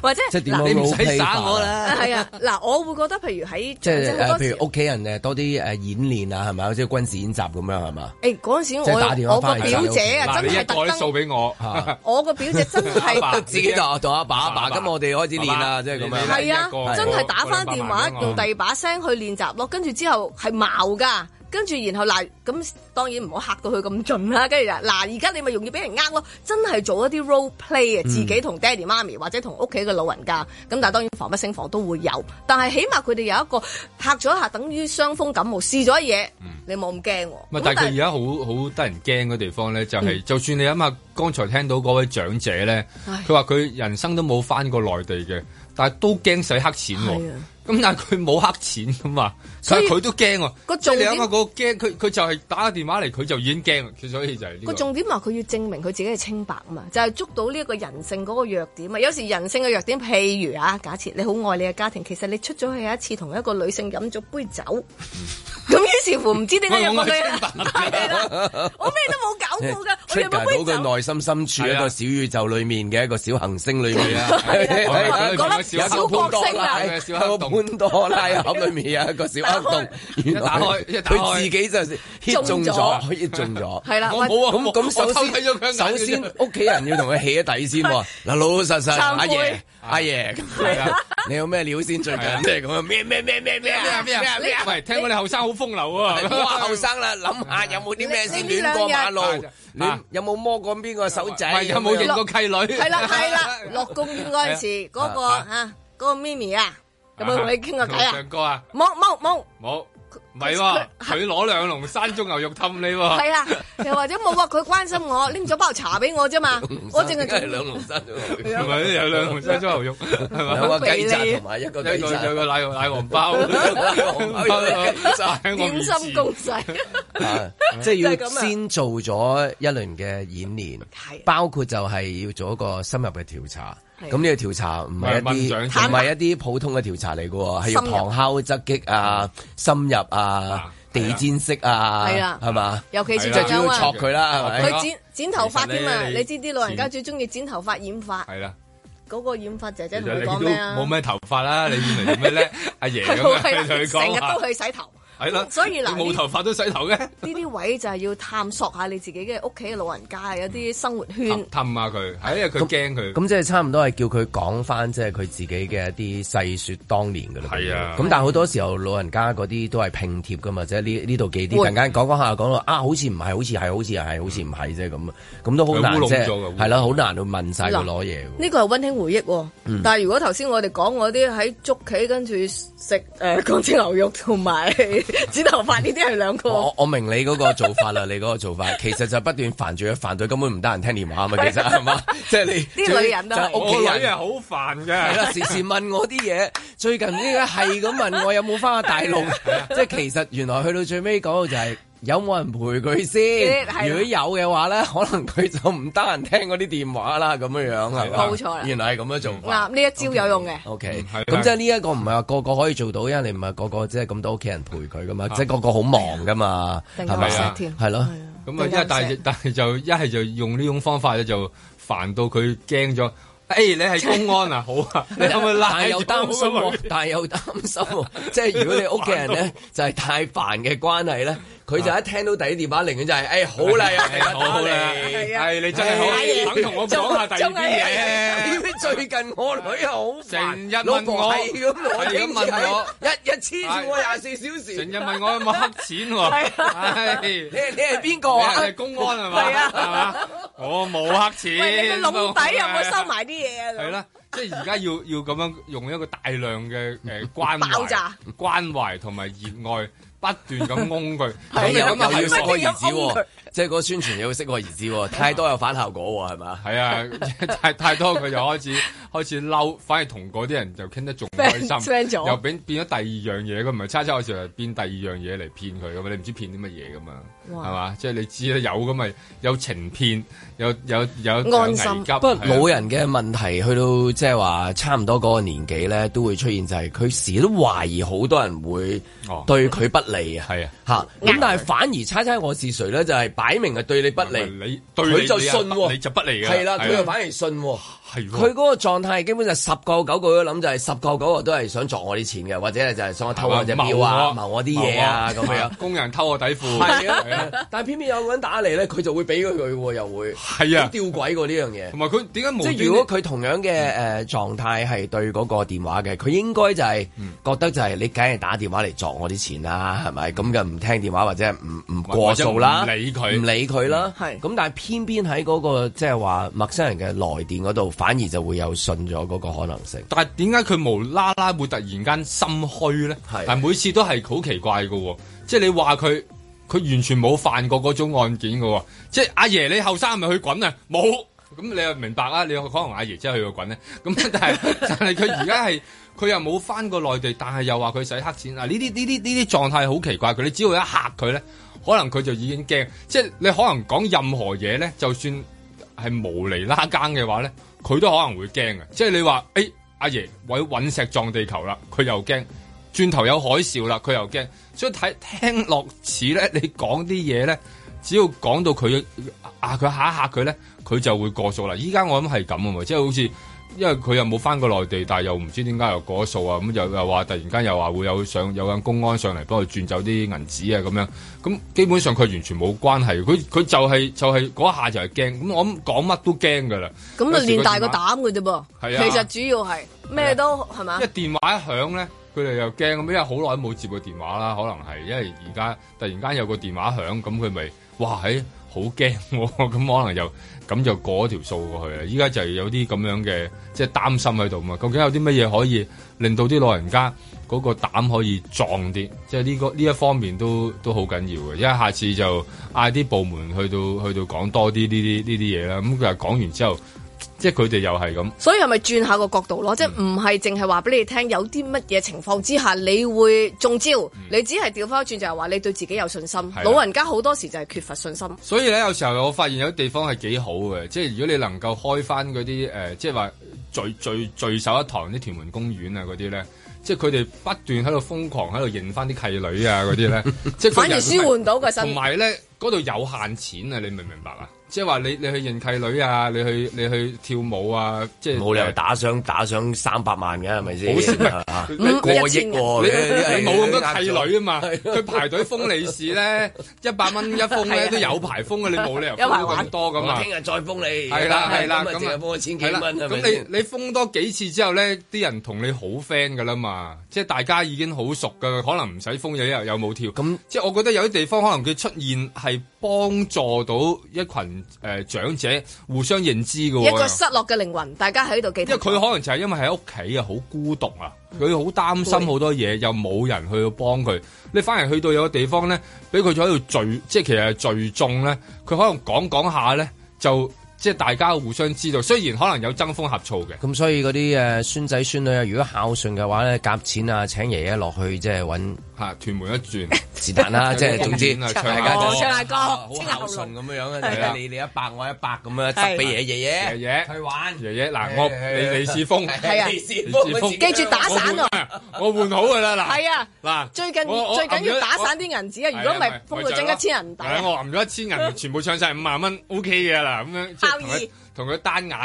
或者即點？你唔使耍我啦。係啊，嗱，我會覺得譬如喺即誒，譬如屋企人誒多啲誒演練啊，係咪？好似軍事演習咁樣係嘛？誒嗰陣時候我打電話我個表姐啊，真係特登數俾我。我個表姐真係自己就做阿爸阿爸，今我哋開始練啦，即係咁樣。係啊，真係打翻電話用第二把聲去練習咯。跟住之後係矛噶。跟住，然後嗱，咁當然唔好嚇到佢咁盡啦。跟住嗱，而家你咪容易俾人呃咯。真係做一啲 role play 啊、嗯，自己同爹哋媽咪或者同屋企嘅老人家。咁但係當然防不勝防都會有，但係起碼佢哋有一個嚇咗一下，等於傷風感冒試咗嘢，你冇咁驚喎。但係佢而家好好得人驚嘅地方咧，就係，就、嗯、係就算你諗下，剛才聽到嗰位長者咧，佢話佢人生都冇翻過內地嘅，但係都驚使黑錢喎。咁但係佢冇黑錢噶嘛，所以佢都驚啊！個重點，個驚佢佢就係打個電話嚟，佢就已經驚，所以就係呢個重點話！佢要證明佢自己嘅清白啊嘛，就係捉到呢個人性嗰個弱點啊！有時人性嘅弱點，譬如啊，假設你好愛你嘅家庭，其實你出咗去一次，同一個女性飲咗杯酒，咁於是乎唔知點解入去啦，我咩都冇搞過噶，捉到佢內心深處個小宇宙裏面嘅一個小行星裏面啊，係啊，講乜小國星啊，小黑洞。潘多拉盒裏面有一個小黑洞，一打開，一打開，佢自己就中咗，可以中咗。係啦，咁咁首先睇咗佢，首先屋企人要同佢起咗底先喎。嗱老老實實，阿爺阿爺，你有咩料先最近即係咁啊？咩咩咩咩咩咩咩咩？喂，聽講你後生好風流喎，我後生啦，諗下有冇啲咩事亂過馬路？有冇摸過邊個手仔？有冇認過契女？係啦係啦，落公園嗰陣時嗰個啊嗰個咪咪啊！Uh-huh. 有冇同你傾過偈啊？冇冇冇冇。唔係喎，佢、就、攞、是、兩籠山竹牛肉氹你喎。係啊，又或者冇話，佢關心我拎咗 包茶俾我啫嘛。我淨係做兩籠山，唔係啊，有兩籠山竹牛肉。啊、牛肉 有個 雞肋同埋一個雞肋，有個奶奶黃包，奶，奶，包 奶，奶包，奶黃包，點心公仔。即 係、啊就是、要先做咗一輪嘅演練， 包括就係要做一個深入嘅調查。咁呢個調查唔係一啲唔係一啲普通嘅調查嚟嘅喎，係用旁敲側擊啊，深入啊。啊，地氈色啊，係係嘛，尤其是着咗啊，佢、就是、剪剪頭髮添啊，你知啲老人家最中意剪頭髮染髮，係啦，嗰、那個染髮姐姐同佢講咩？冇咩頭髮啦， 你染嚟做咩咧？阿爺成日都去洗頭 係啦，所以嗱，冇頭髮都洗頭嘅。呢 啲位就係要探索下你自己嘅屋企嘅老人家有啲生活圈，氹下佢，係啊，因為佢驚佢。咁即係差唔多係叫佢講翻即係佢自己嘅一啲細說當年噶啦。係啊，咁但係好多時候老人家嗰啲都係拼貼噶嘛，即係呢呢度幾啲，陣間講,講講下又講到啊，好似唔係，好似係，好似係，好似唔係啫咁咁都好難啫，係咯，好難去問曬佢攞嘢。呢個係温馨回憶喎，但係如果頭先我哋講嗰啲喺捉棋跟住食誒乾蒸牛肉同埋。 剪頭髮呢啲係兩個、嗯，我我明你嗰個做法啦，你嗰個做法， 其實就不斷煩住佢，煩到根本唔得人聽電話啊嘛， 其實係嘛，即 係對吧 你啲女人啦，我女係好煩嘅係啦，時時問我啲嘢， 最近依家係咁問我有冇翻去大陸，即 係其實原來去到最尾嗰個就係、是。有冇人陪佢先？如果有嘅話咧，可能佢就唔得閒聽嗰啲電話啦，咁樣樣係冇錯。原來係咁樣做嗱，呢一招有用嘅。O K，咁即係呢一個唔係話個個可以做到，因為你唔係個個即係咁多屋企人陪佢噶、啊就是、嘛，即係個個好忙噶嘛，係咪啊？係咯，咁啊，一但但係就一係就用呢種方法咧，就煩到佢驚咗。誒，你係公安啊？ 好啊，你可唔可以拉？但係又擔心、啊，但係又擔心，即係如果你屋企人咧就係太煩嘅關係咧。佢就一聽到第一電話，寧願就係，誒好啦，係啊，好好啦，係啊，你真係好，肯同我講下第二啲嘢。最近我女又好，成日問我咁，我點知我日日黐住我廿四小時，成日問我有冇黑錢喎？係你係邊個啊？你係公安係嘛？係啊，係嘛？我冇黑錢。你籠底有冇收埋啲嘢啊？係啦，即係而家要要咁樣用一個大量嘅誒關爆炸關懷同埋熱愛。不斷咁嗡佢，咁你又要適可而止喎？即係嗰個宣傳要適可而止，太多有反效果喎，係 嘛？係啊，太太多佢就開始開始嬲，反而同嗰啲人就傾得仲開心， 又變變咗第二樣嘢。佢唔係猜猜我是誰變第二樣嘢嚟騙佢嘅嘛？你唔知騙啲乜嘢嘅嘛？係嘛？即係你知有咁咪有情騙，有有有，有危急安心、啊。不過老人嘅問題去到即係話差唔多嗰個年紀咧，都會出現就係佢時都懷疑好多人會對佢不利、哦、啊。係啊，嚇咁、啊、但係反而猜猜我是誰咧，就係、是擺明係對你不利，不你對佢就信、啊、你，你，你就不利嘅，係啦，佢又、啊、反而信、啊佢嗰個狀態基本上十個九個都諗就係十個九個都係想砸我啲錢嘅，或者係就係想我偷我隻表啊、謀我啲嘢啊咁啊。工人偷我底褲。 啊、但係偏偏有個人打嚟咧，佢就會俾佢。佢又會係啊，吊鬼過呢樣嘢。同埋佢點解無？即如果佢同樣嘅誒、嗯嗯、狀態係對嗰個電話嘅，佢應該就係覺得就係你梗係打電話嚟砸我啲錢啦，係咪咁就唔聽電話或者唔唔過數啦，唔理佢，唔理佢啦。係、嗯、咁、嗯，但係偏偏喺嗰、嗰個即係話陌生人嘅來電嗰度。反而就會有信咗嗰個可能性。但係點解佢無啦啦會突然間心虛咧？係，但每次都係好奇怪嘅喎，即係你話佢佢完全冇犯過嗰種案件嘅喎。即係阿爺，你後生咪去滾啊！冇，咁你又明白啦。你可能阿爺真係去過滾咧。咁但係 但係佢而家係佢又冇返過內地，但係又話佢使黑錢啊！呢啲呢啲呢啲狀態好奇怪。佢你只要一嚇佢咧，可能佢就已經驚。即係你可能講任何嘢咧，就算係無厘拉更嘅話咧。佢都可能會驚嘅，即係你話，哎，阿爺，喂，隕石撞地球啦，佢又驚；轉頭有海嘯啦，佢又驚。所以睇聽落似咧，你講啲嘢咧，只要講到佢，啊，佢嚇一嚇佢咧，佢就會過數啦。依家我諗係咁，即係好似。因為佢又冇翻過內地，但又唔知點解又過數啊！咁又又話突然間又話會有上有個公安上嚟幫佢轉走啲銀紙啊！咁樣咁基本上佢完全冇關係，佢佢就係、是、就係、是、嗰下就係驚，咁我講講乜都驚噶啦！咁啊練大個膽嘅啫噃，其實主要係咩都係嘛？一、啊、電話一響咧，佢哋又驚咁，因為好耐都冇接過電話啦，可能係因為而家突然間有個電話響，咁佢咪哇喺～、哎好驚、哦，咁可能就咁就過一條數過去啦。依家就有啲咁樣嘅，即係擔心喺度嘛。究竟有啲乜嘢可以令到啲老人家嗰個膽可以壯啲？即係呢個呢一方面都都好緊要嘅。因為下次就嗌啲部門去到去到講多啲呢啲呢啲嘢啦。咁佢話講完之後。即係佢哋又係咁，所以係咪轉下個角度咯、嗯？即係唔係淨係話俾你聽，有啲乜嘢情況之下你會中招？嗯、你只係調翻轉就係話你對自己有信心。啊、老人家好多時就係缺乏信心。所以咧，有時候我發現有啲地方係幾好嘅，即係如果你能夠開翻嗰啲誒，即係話聚聚聚首一堂啲屯門公園啊嗰啲咧，即係佢哋不斷喺度瘋狂喺度認翻啲契女啊嗰啲咧， 即係反而舒緩到個身。同埋咧，嗰度有限錢啊，你明唔明白啊？即係話你你去認契女啊，你去你去跳舞啊，即係冇理由打賞打賞三百萬嘅係咪先？好係 過億，你冇咁多契女啊嘛？佢排隊封利是咧，一百蚊一封咧，都有排封嘅， 你冇理由封咁多噶嘛？聽 日再封你，係啦係啦，咁啊封千幾蚊係咪？咁你你封多幾次之後咧，啲人同你好 friend 噶啦嘛，即係大家已經好熟噶，可能唔使封又又又冇跳。咁即係我覺得有啲地方可能佢出現係。幫助到一群誒、呃、長者互相認知嘅一個失落嘅靈魂，大家喺度記。因為佢可能就係因為喺屋企啊，好孤獨啊，佢、嗯、好擔心好多嘢，又冇人去幫佢。你反而去到有個地方咧，俾佢就喺度聚，即係其實係聚眾咧，佢可能講講下咧就。即係大家互相知道，雖然可能有爭風呷醋嘅，咁所以嗰啲誒孫仔孫女啊，如果孝順嘅話咧，夾錢啊，請爺爺落去即係搵吓屯門一轉，自彈啦、啊，即 係總之大家都唱下歌，唱歌，唱唱歌、啊，好孝順咁樣樣，就是、你你一百我一百咁樣執俾爺爺爺爺去玩，爺爺嗱我李 李志峰記住打散我，換好噶啦嗱，係啊嗱最近最緊要打散啲銀紙啊，如果唔係封到整一千人唔打，我冚咗一千人全部唱晒五萬蚊，O K 嘅啦咁樣。同佢單眼，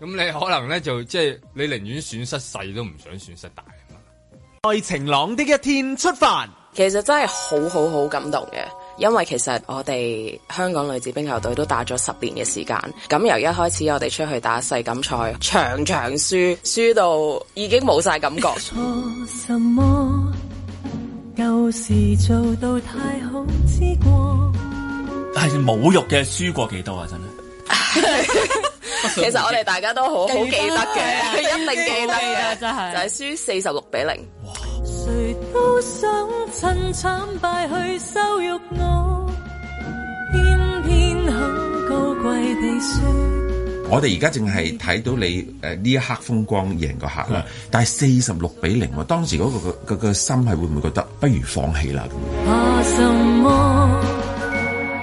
咁你可能咧就即係你寧願損失細都唔想損失大啊嘛！在晴朗的一天出發，其實真係好好好感動嘅，因為其實我哋香港女子冰球隊都打咗十年嘅時間，咁由一開始我哋出去打世錦賽，場場輸，輸到已經冇晒感覺。錯什麼？舊時做到太好之過？係侮辱嘅，輸過幾多啊？真係。 其實我哋大家都好好記得嘅，佢一定記得嘅，就係就係輸四十六比零。誰都想趁慘敗去羞辱我，偏偏好高貴噉輸。我哋而家淨係睇到你誒呢一刻風光贏過客啦，但係四十六比零，當時嗰、那個、那個、那個心係會唔會覺得不如放棄啦？怕什麼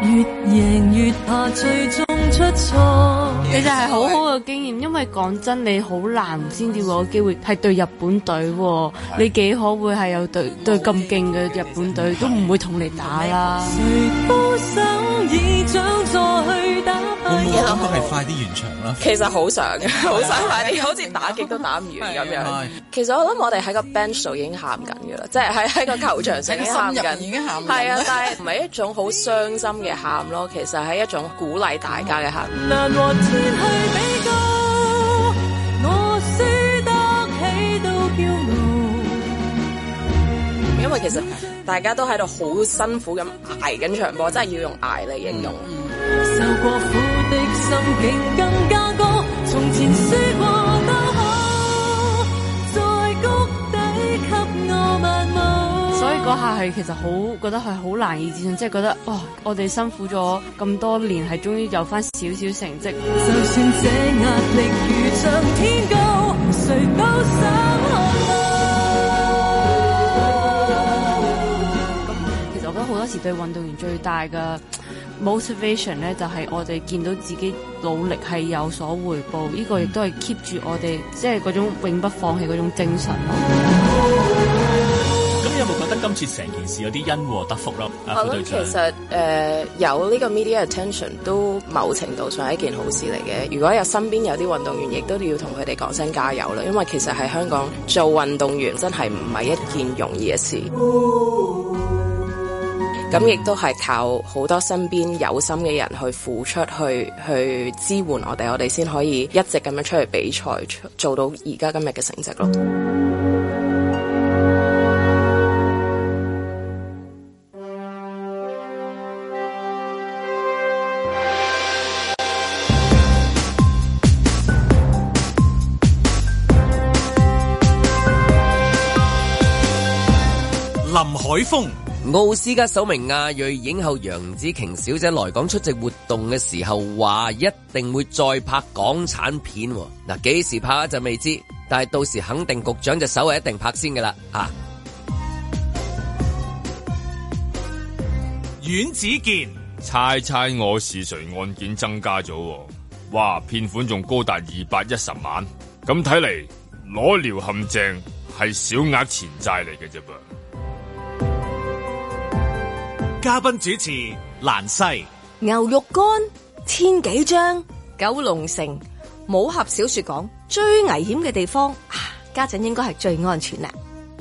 越贏越怕最.出錯，你就係好好嘅經驗，因為講真你好難先至會有機會，係對日本隊，哦的，你幾可會係有對對咁勁嘅日本隊都唔會同你打啦。會唔會都、嗯、快啲完場啦？其實好想嘅， 好想快啲，好似打極都打唔完咁樣。其實我諗我哋喺個 bench 上已經喊緊嘅啦，即係喺喺個球場上已經喊緊，係啊，但係唔係一種好傷心嘅喊咯， 其實係一種鼓勵大家嘅喊。 因為其實大家都喺度好辛苦咁挨緊場波，真係要用挨嚟形容。受過苦的心境更加高，從前輸過都好，在谷底給我漫舞。所以嗰下係其實好覺得係好難以置信，即、就、係、是、覺得哇、哦，我哋辛苦咗咁多年，係終於有翻少少成績。對運動員最大嘅 motivation 咧，就係我哋見到自己努力係有所回報，呢個亦都係 keep 住我哋即係嗰種永不放棄嗰種精神咯。咁有冇覺得今次成件事有啲因禍得福咯？啊，副隊長，其實誒有呢個 media attention 都某程度上係一件好事嚟嘅。如果有身邊有啲運動員，亦都要同佢哋講聲加油啦。因為其實喺香港做運動員真係唔係一件容易嘅事。哦咁亦都係靠好多身邊有心嘅人去付出，去去支援我哋，我哋先可以一直咁樣出去比賽，做到而家今日嘅成績囉。林海峰。奧斯卡首名亞裔影后楊紫瓊小姐來港出席活動嘅時候，話一定會再拍港產片。嗱，幾時拍就未知，但係到時肯定局長隻手係一定拍先噶啦。啊！阮子健，猜猜我是誰？案件增加咗，哇！騙款仲高達二百一十萬，咁睇嚟攞料陷阱係小額錢債嚟嘅啫噃。嘉賓主持蘭西，牛肉乾千幾張，九龍城武俠小說講最危險嘅地方，啊，家陣應該係最安全啦。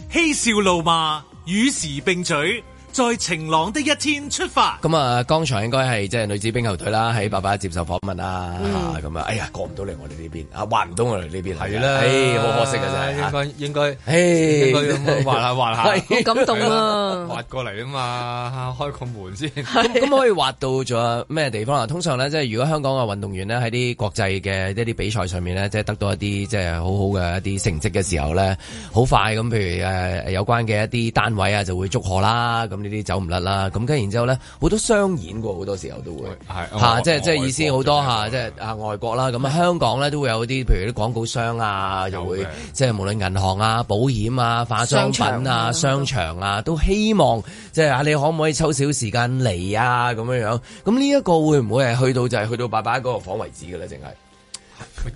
嬉笑怒罵與時並舉。在晴朗的一天出發。咁啊，剛才應該係即係女子冰球隊啦，喺爸爸接受訪問啦。咁、嗯、啊，哎呀，過唔到嚟我哋呢邊，啊，滑唔到我哋呢邊係啦，好可惜啊。真係。應該應該， 滑下滑下，感動啊！滑過嚟啊嘛， 啊開個門先。咁 可以滑到咗咩地方啊？通常咧，即係如果香港嘅運動員呢，喺啲國際嘅一啲比賽上面呢，即係得到一啲即係好好嘅一啲成績嘅時候咧，好、嗯、快咁，譬如誒有關嘅一啲單位啊，就會祝賀啦咁。呢啲走唔甩啦，咁跟然之後咧，好多商演過好多時候都會、啊啊、即係即係意思好多嚇，即係啊、就是、外國啦，咁、啊、香港咧都會有啲，譬如啲廣告商啊，又會即係無論銀行啊、保險啊、化妝品啊、商場啊，場啊啊都希望即係啊，你可唔可以抽少少時間嚟啊？咁樣樣，咁呢一個會唔會係去到就係去到爸爸嗰個房為止嘅咧？淨係。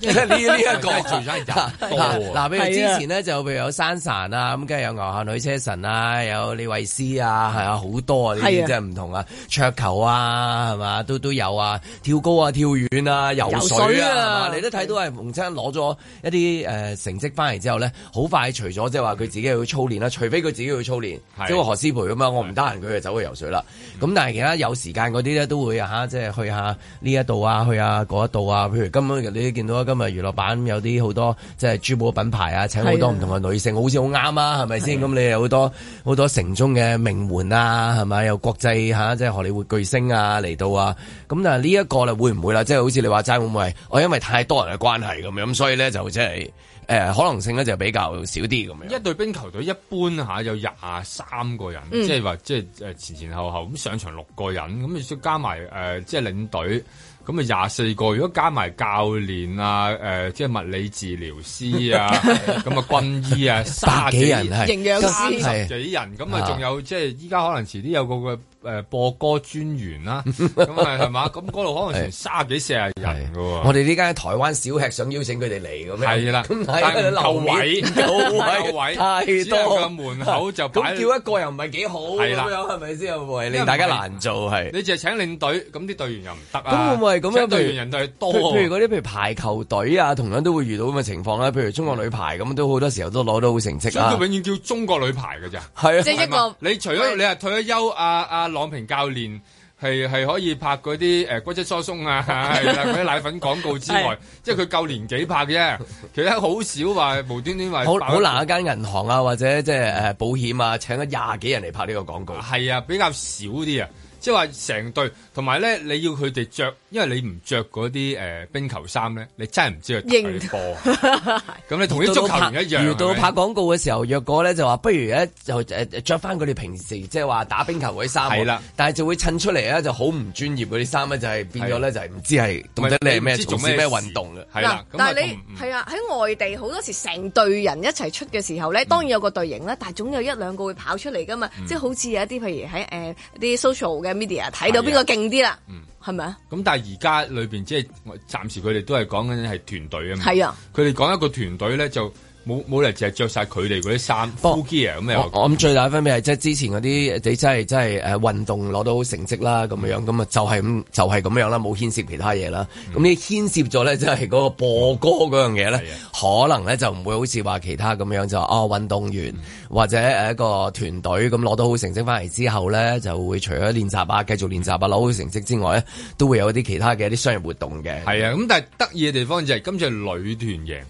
呢 呢一個，嗱、 啊，譬、啊啊、如之前呢，啊、就譬如有山神啊，咁梗係有牛下女車神啊，有李慧詩啊，係啊，好多啊，呢啲、啊、真係唔同啊，桌球啊，係嘛，都都有啊，跳高啊，跳遠啊，游水啊，啊啊你都睇到係馮生攞咗一啲誒、呃、成績翻嚟之後呢，好快除咗即係話佢自己去操練啦，除非佢自己去操練，即係、啊、何詩蓓咁啊，我唔得閒，佢、啊、就走去游水啦。咁、啊嗯、但係其他有時間嗰啲咧，都會嚇即係去下呢一度啊，去下嗰一度啊，譬如今日你都見到。今日娛樂版有啲好多即係珠寶品牌啊，請好多唔同嘅女性，啊、好似好啱啊，係咪先？咁你有好多好多城中嘅名門啊，係咪？有國際吓即係荷里活巨星啊嚟到啊，咁但係呢一個咧會唔會啦？即係好似你話齋會唔會？我因為太多人嘅關係咁樣，所以咧就即係。誒可能性咧就比較少啲咁樣，一隊冰球隊一般下有廿三個人，即係話即係前前後後咁上場六個人，咁誒加埋即係領隊，咁啊廿四個。如果加埋教練啊，即係物理治療師啊，咁啊軍醫啊，十幾人係，營養師，三十幾人，咁啊仲有即係依家可能遲啲有個個。誒播歌專員啦，咁咪係嘛？咁嗰度可能成三十幾四十人嘅喎。我哋呢間台灣小吃想邀請佢哋嚟咁樣。係啦，咁但係後位後位， 位太多，個門口就咁、啊、叫一個又唔係幾好。係啦，係咪先啊？因為大家難做係。你就係請領隊咁啲隊員又唔得啊？咁會唔會咁樣、啊？隊員人就係多。譬如嗰啲譬，譬如排球隊啊，同樣都會遇到咁嘅情況啦。譬如中國女排咁，都好多時候都攞到好成績啊。所以永遠叫中國女排嘅咋？係啊，即係一個。你除咗你係退咗休，阿、啊、阿。啊郎平教練係係可以拍嗰啲誒骨質疏鬆啊，係啦嗰啲奶粉廣告之外， 係即係佢夠年紀拍嘅啫。其實好少話無端端話，好難好難一間銀行啊，或者即係誒保險啊，請咗廿幾人嚟拍呢個廣告。係啊，比較少啲啊。即係話成隊，同埋咧，你要佢哋着，因為你唔着嗰啲誒冰球衫咧，你真係唔知佢睇波。咁你同啲足球一樣。遇到，拍，如到拍廣告嘅時候，若果咧就話，不如咧就着著翻佢哋平時即係話打冰球嗰啲衫。係啦，但係就會襯出嚟咧就好唔專業嗰啲衫咧，就係、是、變咗咧、啊、就係、是、唔知係凍得你係咩做咩運動啦但你啊。嗱，但係你係啊，喺外地好多時成隊人一齊出嘅時候咧，當然有個隊形啦、嗯，但係總有一兩個會跑出嚟噶嘛。嗯、即係好似有一啲譬如喺誒啲 social 嘅。呃 media 睇到邊個勁啲啦，嗯，係咪啊？咁但係而家裏邊即係暫時佢哋都係講緊係團隊啊嘛，係啊，佢哋講一個團隊咧就。冇冇人就係著曬佢哋嗰啲衫 full gear 咁樣。我諗最大分別係即係之前嗰啲你真係真係誒運動攞到好成績啦，咁、嗯、樣咁啊就係、是、咁就係、是、咁樣啦，冇牽涉其他嘢啦。咁、嗯、你牽涉咗咧，即係嗰個播歌嗰樣嘢咧，可能咧就唔會好似話其他咁樣就啊、哦、運動員、嗯、或者誒一個團隊咁攞到好成績翻嚟之後咧，就會除咗練習啊繼續練習啊攞好成績之外咧，都會有啲其他嘅一啲商業活動嘅。係啊，咁但係得意嘅地方就係、是、今次係女團贏。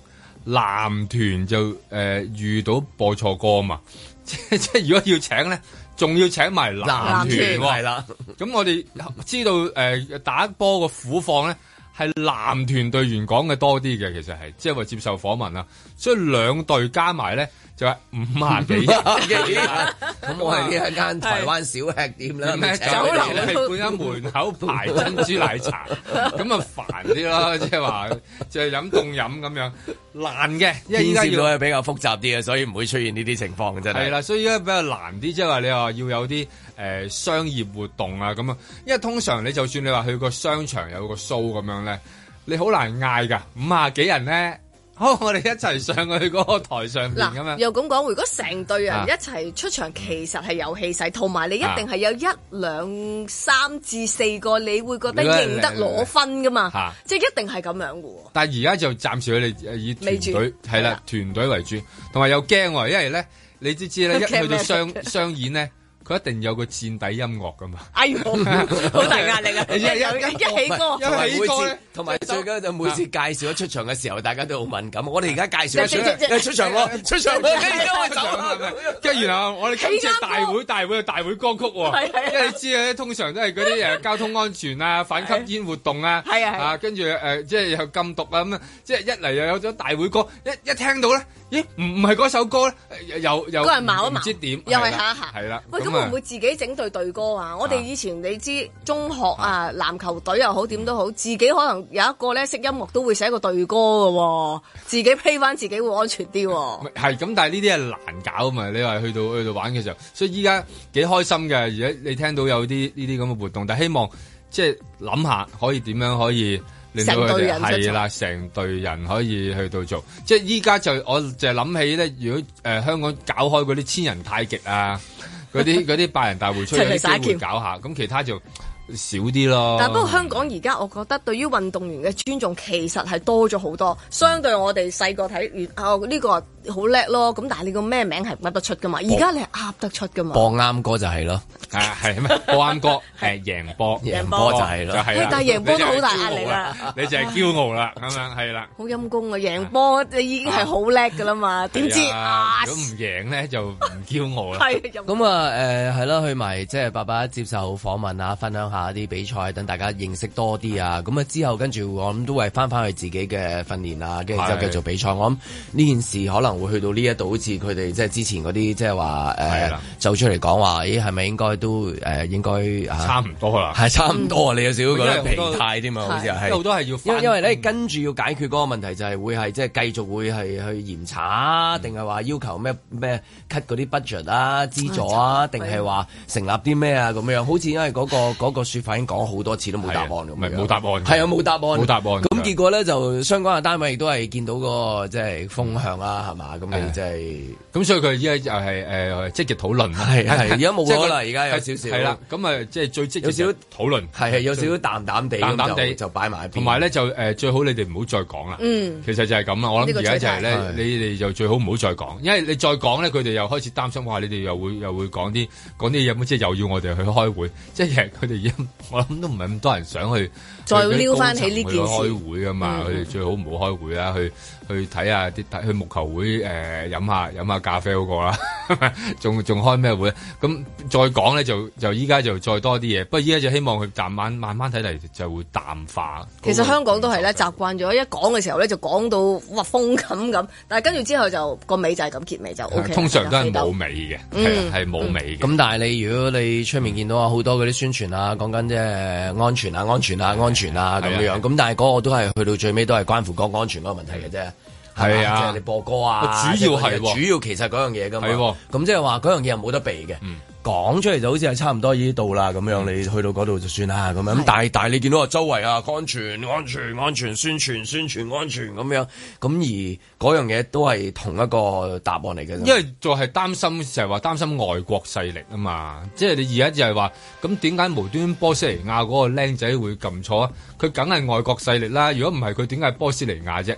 男團就誒、呃、遇到播錯歌嘛，即 即係如果要請咧，仲要請埋男團、哦，係啦。咁我哋知道誒、呃、打一波個苦況咧，係男團隊員講嘅多啲嘅，其實係即係話接受訪問啦。所以兩隊加埋咧。就係五萬幾，咁我係呢一間台灣小吃店咧，酒樓咧，半間門口排珍珠奶茶，咁 啊煩啲囉。即係話就係、是、飲凍飲咁樣難嘅，因為呢而家係比較複雜啲嘅，所以唔會出現呢啲情況嘅真係。係啦，所以而家比較難啲，即係話你話要有啲誒、呃、商業活動呀咁啊，因為通常你就算你話去個商場有個 show 咁樣呢，你好難嗌㗎，五萬幾人呢。好，我哋一齊上去嗰個台上邊。咁樣又咁講，如果成隊人一齊出場，其實係有氣勢，同埋你一定係有一兩、啊、三至四個你會覺得認得攞分噶嘛，啊、即係一定係咁樣嘅。但係而家就暫時佢哋以團隊係啦，團隊為主，同埋又驚，因為咧你知唔知咧一去到商商 演咧。佢一定有個墊底音樂噶嘛，哎呀，好大壓力啊！一 Nowadays, 起歌，同埋歌呢，同埋最緊就每次介紹咗出場嘅時候，大家都好敏感。我哋而家介紹出前，出場咯 場我、 啊啊啊，出場咯，跟 住然後我哋今次大會，大會嘅大會歌曲喎、啊。因為你知呀，這 donc 通常都係嗰啲誒交通安全啊、反吸煙活動啊，weird 啊，跟住即係又禁毒啊咁，即係一嚟又有種大會歌，一一聽到咧。咦，唔唔係嗰首歌咧？又又，都係一唔知點又係下下，係啦，喂，咁會唔會自己整對隊歌啊？啊我哋以前你知中學啊，籃、啊、球隊又好，點都好，自己可能有一個咧識音樂都會寫個隊歌噶、哦，自己批翻自己會安全啲、哦。係 咁，但係呢啲係難搞啊嘛！你話去到去到玩嘅時候，所以依家幾開心嘅。而家你聽到有啲呢啲咁嘅活動，但係希望即係諗下可以點樣可以。令到佢哋係啦，成隊人可以去到做，即係依家就我就諗起咧，如果、呃、香港搞開嗰啲千人太極啊，嗰啲嗰啲百人大會出嚟機會搞下，咁 其他就。少啲咯，但不過香港而家，我覺得對於運動員嘅尊重其實係多咗好多。相對我哋細個睇完啊呢個好叻咯，咁但係你個咩名係噏得出嘅嘛？而家你係噏得出嘅嘛？博啱哥就係咯，係啊，博啱哥係贏波，贏波就係咯，但係 贏波都好大壓力啦，你就係驕傲啦，啱唔啱？係啦，好陰功啊！贏波你已經係好叻嘅啦嘛，點知咁唔贏呢就唔驕傲啦。係咁啊誒係啦，去埋即係爸爸接受訪問啊，分享下啲比賽，等大家認識多啲啊！咁啊之後跟住我諗都係翻翻去自己嘅訓練啊，跟住之後繼續比賽。我諗呢件事可能會去到呢一度，好似佢哋即係之前嗰啲即係話誒走出嚟講話，咦係咪應該都誒、呃、應該、啊、差唔多啦，係差唔多啊！你有少少覺得疲態添嘛？好似係好多係要，因為咧跟住要解決嗰個問題就係會係即係繼續會係去嚴查，定係話要求咩咩 cut 嗰啲 budget 啊資助啊，定係話成立啲咩啊咁樣？好似因為嗰個嗰個。 已經說反正講好多次都冇答案冇答案係啊冇答案冇答案，咁結果咧就相關嘅單位亦都係見到個即係、就是、風向啦、啊，係嘛咁咪即係咁，就是哎、所以佢依家又係誒積極討論係而家冇咗啦，而、呃、家有，有少少係啦，咁啊即係最積極少討論係有少、就是、有少，有少淡淡地就擺埋，同埋咧就誒、呃、最好你哋唔好再講啦、嗯。其實就係咁啦，我諗而家就係你哋就最好唔好再講、嗯，因為你再講咧，佢哋又開始擔心，話你哋又會又會講啲講啲嘢，即係又要我哋去開會，即係佢哋 我諗都唔係咁多人想去，再撩翻起呢件事。開會㗎嘛，佢哋、嗯、最好唔好開會啦，去去睇下啲睇去木球會誒，飲、呃、下飲下咖啡嗰個啦。仲 仲開咩會咧？咁再講咧，就就依家就再多啲嘢。不過依家就希望佢慢慢慢睇嚟，就會淡化。其實香港都係咧，習慣咗一講嘅時候咧，就講到嘩，風咁咁，但係跟住之後就個尾就係咁結尾就 O K。通常都係冇尾嘅，係冇尾嘅。咁、嗯、但係你如果你出面見到啊，好多嗰啲宣傳啊。講緊即係安全啊，安全啊，安全啊咁嘅樣。咁但係嗰個都係去到最尾都係關乎個安全嗰個問題嘅啫。係啊，即係你播歌啊，主要係，主要其實嗰樣嘢噶嘛。咁即係話嗰樣嘢係冇得避嘅。嗯。講出嚟就好似係差唔多呢度啦，嗯、咁樣你去到嗰度就算啦，咁樣。但係但係你見到個周圍啊，安全、安全、安全，宣傳、宣傳、安全咁樣。咁而嗰樣嘢都係同一個答案嚟嘅，因為就係擔心，就係、是、話擔心外國勢力啊嘛。即、就、係、是、你而家就係話，咁點解無端波斯尼亞嗰個僆仔會撳錯啊？佢梗係外國勢力啦。如果唔係，佢點解係波斯尼亞啫？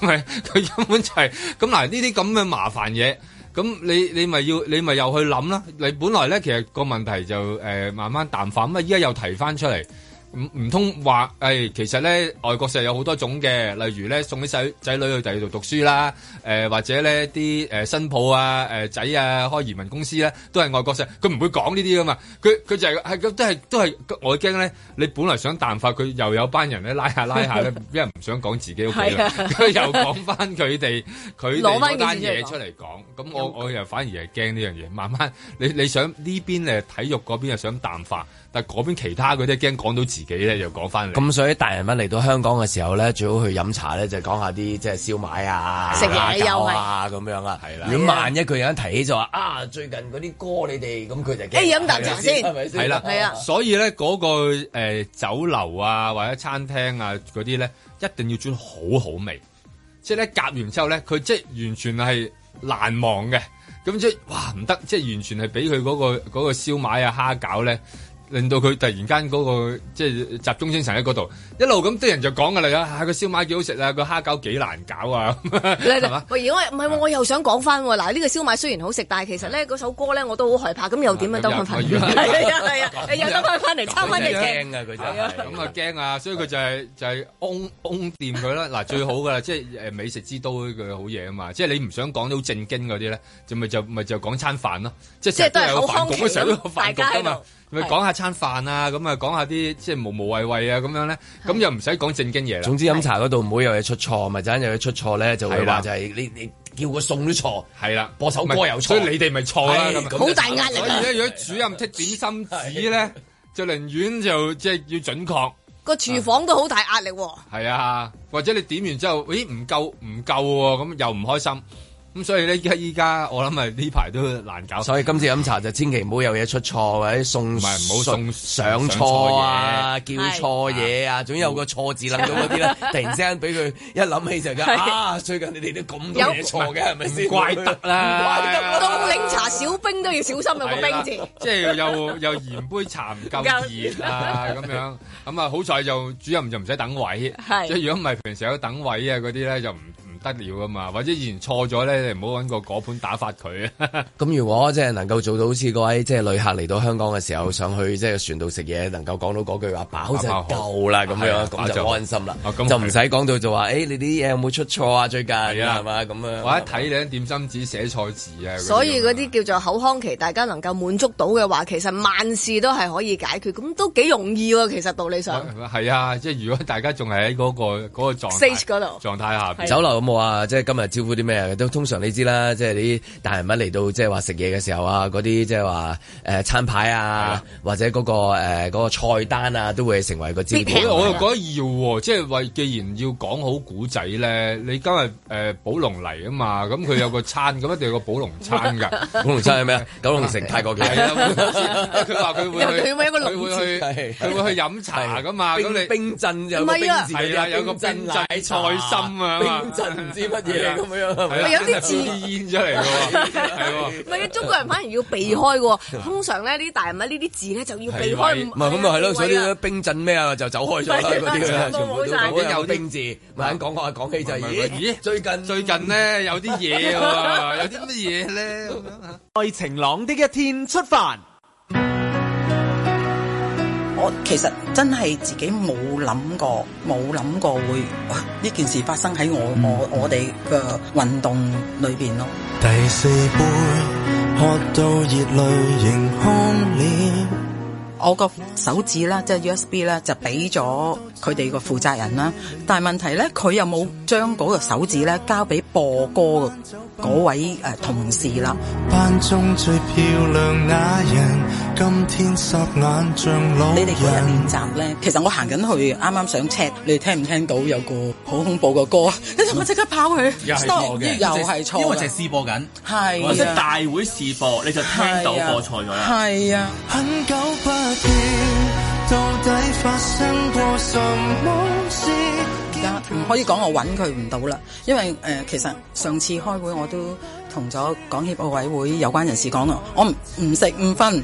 佢 根本就係咁嗱，呢啲咁嘅麻煩嘢。咁你你咪要你咪又去諗啦，你本來咧其實個問題就誒、呃、慢慢淡化，咁啊依家又提翻出嚟。唔唔通話誒，其實咧外國勢有好多種嘅，例如咧送啲仔仔女去第二度讀書啦，誒、呃、或者咧啲誒新抱啊、誒、呃、仔啊開移民公司咧，都係外國勢，佢唔會講呢啲噶嘛，佢佢就係、是、係都係都係我驚咧，你本來想淡化，佢又有班人咧拉下拉一下咧， 因為唔想講自己屋企，佢 又講翻佢哋佢攞翻啲嘢出嚟講，咁、嗯、我我又反而係驚呢樣嘢，慢慢你你想邊呢邊誒體育嗰邊又想淡化。但嗰邊其他嗰啲驚講到自己咧，就講翻嚟咁。所以大人物嚟到香港嘅時候咧，最好去飲茶咧，就講下啲即係燒賣啊、食蟹餃啊咁樣啊，係、啊、啦、啊。如果萬一有人提起就話啊，最近嗰啲歌你哋咁，佢就驚。一飲啖茶先，係咪先係啦？啊。所以咧、那個，嗰、呃、個酒樓啊或者餐廳啊嗰啲咧，一定要做好好味，即係咧夾完之後咧，佢即係完全係難忘嘅。咁即係哇唔得，即係完全係俾佢嗰個嗰、那個燒賣啊、蝦餃咧。令到佢突然間嗰個即係集中精神喺嗰度，一路咁啲人就講㗎啦，啊個燒賣幾好食啊，個、啊、蝦餃幾難搞啊，喂， 如果唔係我又想講翻嗱呢個燒賣雖然好食，但係其實咧首歌咧我都好害怕，咁又點樣得翻翻係啊係啊，有翻翻嚟抄翻嘅驚佢就咁啊驚啊！所以佢就係、是、 就係嗡嗡掂佢啦。嗱最好㗎啦，即、就、係、是、美食之都嘅好嘢啊嘛！即係你唔想講到正經嗰啲咧，就咪就咪就講餐飯咯，即係都有飯局，大街講下餐飯啊，咁啊講下啲即係無無謂謂啊咁樣咧，咁又唔使講正經嘢。總之飲茶嗰度唔會有嘢出錯，咪就係有嘢出錯呢，會錯就係話就係、是、你，你叫個餸都錯，係啦播首歌又錯，所以你哋咪錯啦。好大壓力。所以呢，如果主任剔點心紙呢，就寧願就即係要準確 。個廚房都好大壓力。喎，係呀，或者你點完之後，咦、哎、唔夠唔夠喎、啊，咁又唔開心。咁所以咧依家，我諗咪呢排都難搞。所以今次飲茶就千祈唔好有嘢出錯或者送送上錯啊，叫錯嘢啊，總之有個錯字諗到嗰啲啦。 突然之間俾佢一諗起就講 啊，最近你哋都咁多嘢錯嘅係咪先？唔怪得啦，到、啊啊、檸茶少冰都要小心、啊，那個冰字，即係又又鹽杯茶唔夠熱，啊咁樣。咁啊好在又主任就唔使等位，即係如果唔係平時有等位啊嗰啲咧就唔。得了噶嘛，或者以前錯咗咧，你唔好揾個果盤打發佢啊。咁 如果即係能夠做到好似嗰位即係旅客嚟到香港嘅時候，嗯、上去即係船度食嘢，能夠講到嗰句話飽就夠啦，咁、啊、樣講、啊啊、就安心啦、啊就是，就唔使講到就話誒、哎、你啲嘢有冇出錯啊最近係嘛咁樣，或者睇你點心紙寫錯字啊。所以嗰啲叫做口腔期，大家能夠滿足到嘅話，其實萬事都係可以解決，咁都幾容易喎。其實道理上係啊，即係、啊、如果大家仲係喺嗰個嗰、嗰個狀態度狀態下，酒樓即係今日招呼啲咩？都通常你知啦，即係你大人物嚟到，即係話食嘢嘅時候啊，嗰啲即係話誒餐牌啊，或者嗰、嗰個誒、呃嗰個、菜單啊，都會成為個招牌。我就覺得要喎，即係話既然要講好古仔咧，你今日誒寶龍嚟啊嘛，咁佢有個餐，咁一定有個寶龍餐㗎。寶龍餐係咩？九龍城 泰國菜餐。佢話佢會去，佢會去，佢會，會去飲茶㗎嘛。咁你冰鎮有冰字㗎，有個冰仔菜心啊嘛。唔知乜嘢咁樣，咪有啲字現出嚟嘅喎。咪 啊，中國人反而要避開嘅喎。 通常咧，呢啲大人咪呢啲字咧，就要避開唔咪咁啊，係咯、就是。所以啲冰鎮咩啊，就走開咗啦。嗰啲全，全部都冇冰字，咪肯講開講起就是。咦？最近最近咧有啲嘢 有啲乜嘢咧？在 晴朗的一天出發。我其實真係自己冇諗過，冇諗過會呢件事發生喺我我我哋嘅運動裏邊咯。第四杯喝到熱淚盈眶了。我個手指啦，即係 USB 啦，就俾咗佢哋個負責人啦。但係問題咧，佢又冇將嗰個手指咧交俾播歌嗰位誒同事啦。啊、人今天眼像人你哋嗰日練習咧，其實我行緊去嘅，啱啱上車，你哋聽唔聽到有個好恐怖個歌啊！你哋我即刻跑去？又係錯嘅，又係錯，因為我是是、啊、我就試播緊，係我哋大會試播，你就聽到播錯咗啦。係啊，很久、啊、不見，到底發生過什麼事？而家唔可以講，我搵佢唔到啦，因為誒、呃，其實上次開會我都。同咗港協奧委會有關人士講啊，我唔唔食唔瞓，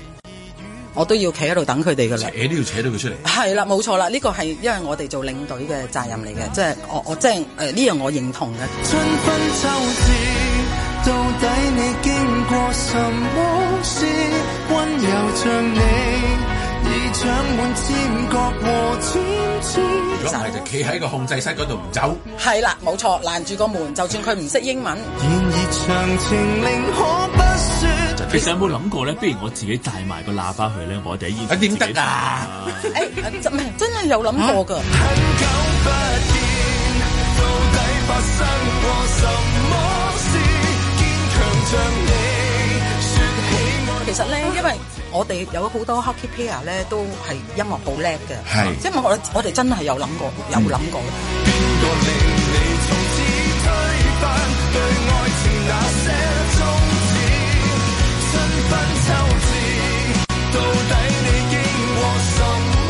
我都要企喺度等佢哋噶啦，誒都要扯到佢出嚟，係啦，冇錯啦，呢個係因為我哋做領隊嘅責任嚟嘅，即係，嗯，我我即係誒呢樣我認同嘅。春分秋至，到底你經過什麼事，溫柔像你什事如果唔係就企喺個控制室嗰度唔走，係、嗯、啦，冇錯，攔住個門，就算佢唔識英文情不說。其實有冇諗過咧？不如我自己帶埋個喇叭去咧，我哋依家點得啊？誒、啊啊 欸啊，真係有諗過噶、啊。 其實咧，因為。我哋有好多 hockey player 咧，都係音樂好叻嘅。係，即、就、係、是、我我哋真係有諗過，嗯、有諗過。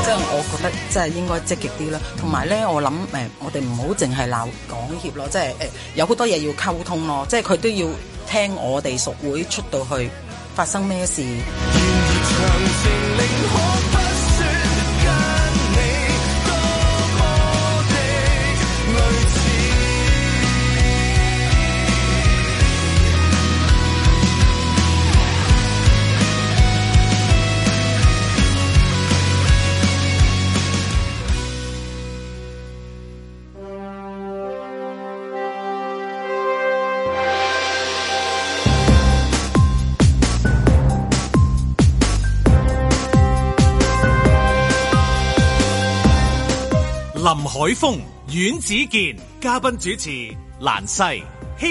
即係、就是、我覺得，即係應該積極啲啦。同埋咧，我諗誒，我哋唔好淨係鬧港協咯。即係、就是、有好多嘢要溝通咯。即係佢都要聽我哋屬會出到去。發生咩事？海峰、阮子健嘉賓主持，蘭西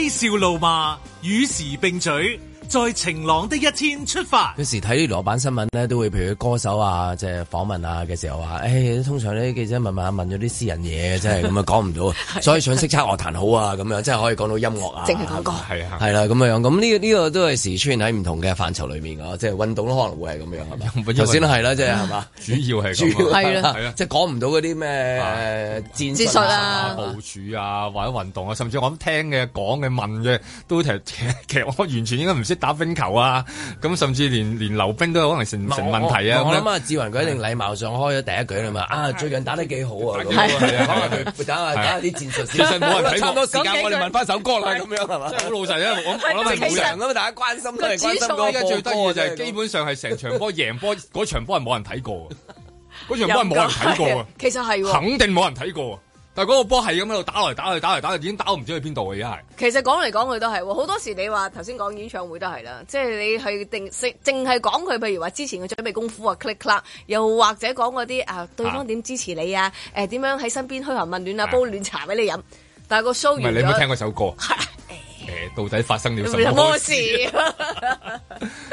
嬉笑怒罵，與時並舉。在晴朗的一天出發。有時睇啲羅版新聞咧，都會譬如歌手啊，即、就、係、是、訪問啊嘅時候話、哎：，通常呢，記者問、啊、問問咗啲私人嘢， 真係咁啊講唔到。 所以想識差樂壇好啊，咁樣即係可以講到音樂啊。淨係講歌係啊，係啦咁樣。咁呢個呢個都係時出現喺唔同嘅範疇裏面嘅，即、就、係、是、運動可能會係咁樣係頭先係啦，即係係嘛。主要係主要係即係講唔到嗰啲咩戰術啊，術啊、部署啊或者運動啊，啊，甚至我諗聽嘅、講嘅、問嘅，都其實我完全應該唔識。打冰球啊，咁甚至連連溜冰都有可能成成問題啊！我諗啊、嗯，志雲佢一定禮貌上開咗第一句啦嘛，啊，最近打得幾好啊，咁啊，可能佢打下打下啲戰術，其實冇人睇，差唔多時間，我哋問翻首歌啦咁樣係嘛，好老實啊，我諗唔到大家關心都嚟關心多。而家最得意就係、是、基本上係成場波贏波嗰場波係冇人睇過，嗰 場波係冇人睇過， 人過， 其實係、啊，肯定冇人睇過。但嗰個波係咁喺度打嚟打去打嚟打，打，打去，已經打唔知去邊度而家係。其實講嚟講去都係，好多時你話頭先講演唱會都係啦，即係你去定食，淨係講佢，譬如話之前嘅準備功夫啊，click click，又或者講嗰啲啊，對方點支持你啊，誒、啊，點、啊、樣喺身邊噓寒問暖啊，煲暖茶俾你飲。但係個 show 唔係你冇聽過首歌係誒， 到底發生咗什麼事？即係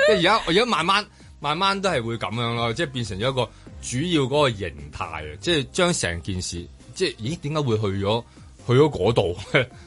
而家，而 家 慢慢慢慢都係會咁樣咯，即係變成咗一個主要嗰個形態啊，即係將成件事。即係，咦？點解會去咗？去咗嗰度，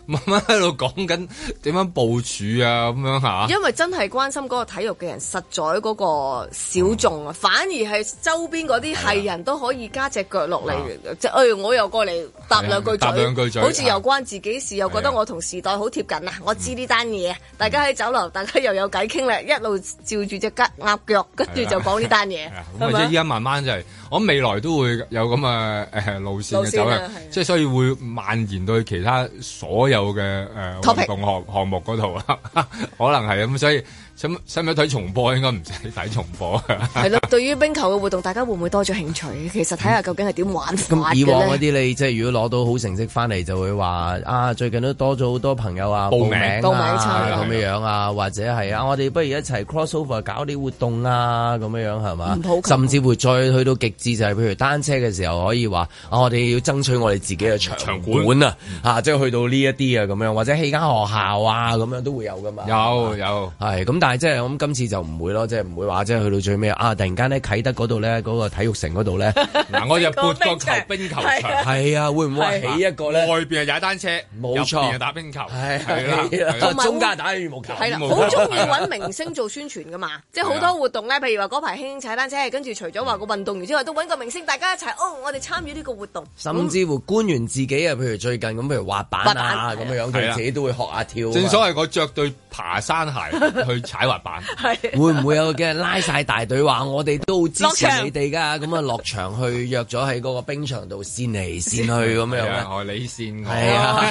慢慢喺度講緊點樣部署啊咁樣吓。因為真係關心嗰個體育嘅人實在嗰個小眾啊、嗯，反而係周邊嗰啲係人都可以加隻腳落嚟，即係誒我又過嚟搭兩句嘴，搭兩、啊、句嘴，好似又關自己事、啊，又覺得我同時代好貼近啊！我知呢單嘢，大家喺酒樓、啊，大家又有偈傾咧一路照住隻雞鴨腳，跟住就講呢單嘢。咁即係依家慢慢就係、是，我未來都會有咁嘅誒路線嘅走向，即係、啊啊就是、所以會蔓延。對其他所有嘅誒、呃、活動項項目嗰度啊，可能係咁，所以。使使唔使睇重播？應該唔使睇重播。係咯，對於冰球嘅活動，大家會唔會多咗興趣？其實睇下究竟係點玩呢、嗯、以往嗰啲你即係如果攞到好成績翻嚟，就會話啊，最近都多咗好多朋友啊，報名、報名賽咁、啊、樣樣啊，或者係啊，我哋不如一齊 crossover 搞啲活動啊，咁樣樣係嘛？甚至會再去到極致，就係、係、譬如單車嘅時候，可以話、啊、我哋要爭取我哋自己嘅場館，場館，場館啊，即係去到呢一啲啊，咁樣，或者喺間學校啊，咁樣都會有噶嘛。有有係咁。但係即係我諗今次就唔會咯，即係唔會話即係去到最尾啊！突然間咧啟德嗰度咧嗰個體育城嗰度咧嗱，我就撥個球冰球場係 啊，啊，會唔會起一個咧？外邊係踩單車，冇錯，係打冰球，係啦、啊啊啊，中間係打羽毛球。係啦、啊，好中意搵明星做宣傳噶嘛，啊、即係好多活動咧，譬、啊、如話嗰排輕輕踩單車，跟住除咗話個運動員之外，都搵個明星，大家一齊哦，我哋參與呢個活動、嗯。甚至乎官員自己啊，譬如最近咁，譬如滑板啊咁樣佢、啊啊、自己都會學一下跳。正所謂我着、嗯、對爬山鞋去。 踩滑板，係、啊、會唔會有嘅拉晒大隊話我哋都支持你哋噶，咁啊落場，場去約咗喺嗰個冰場度先嚟先去咁樣，合理線係啊，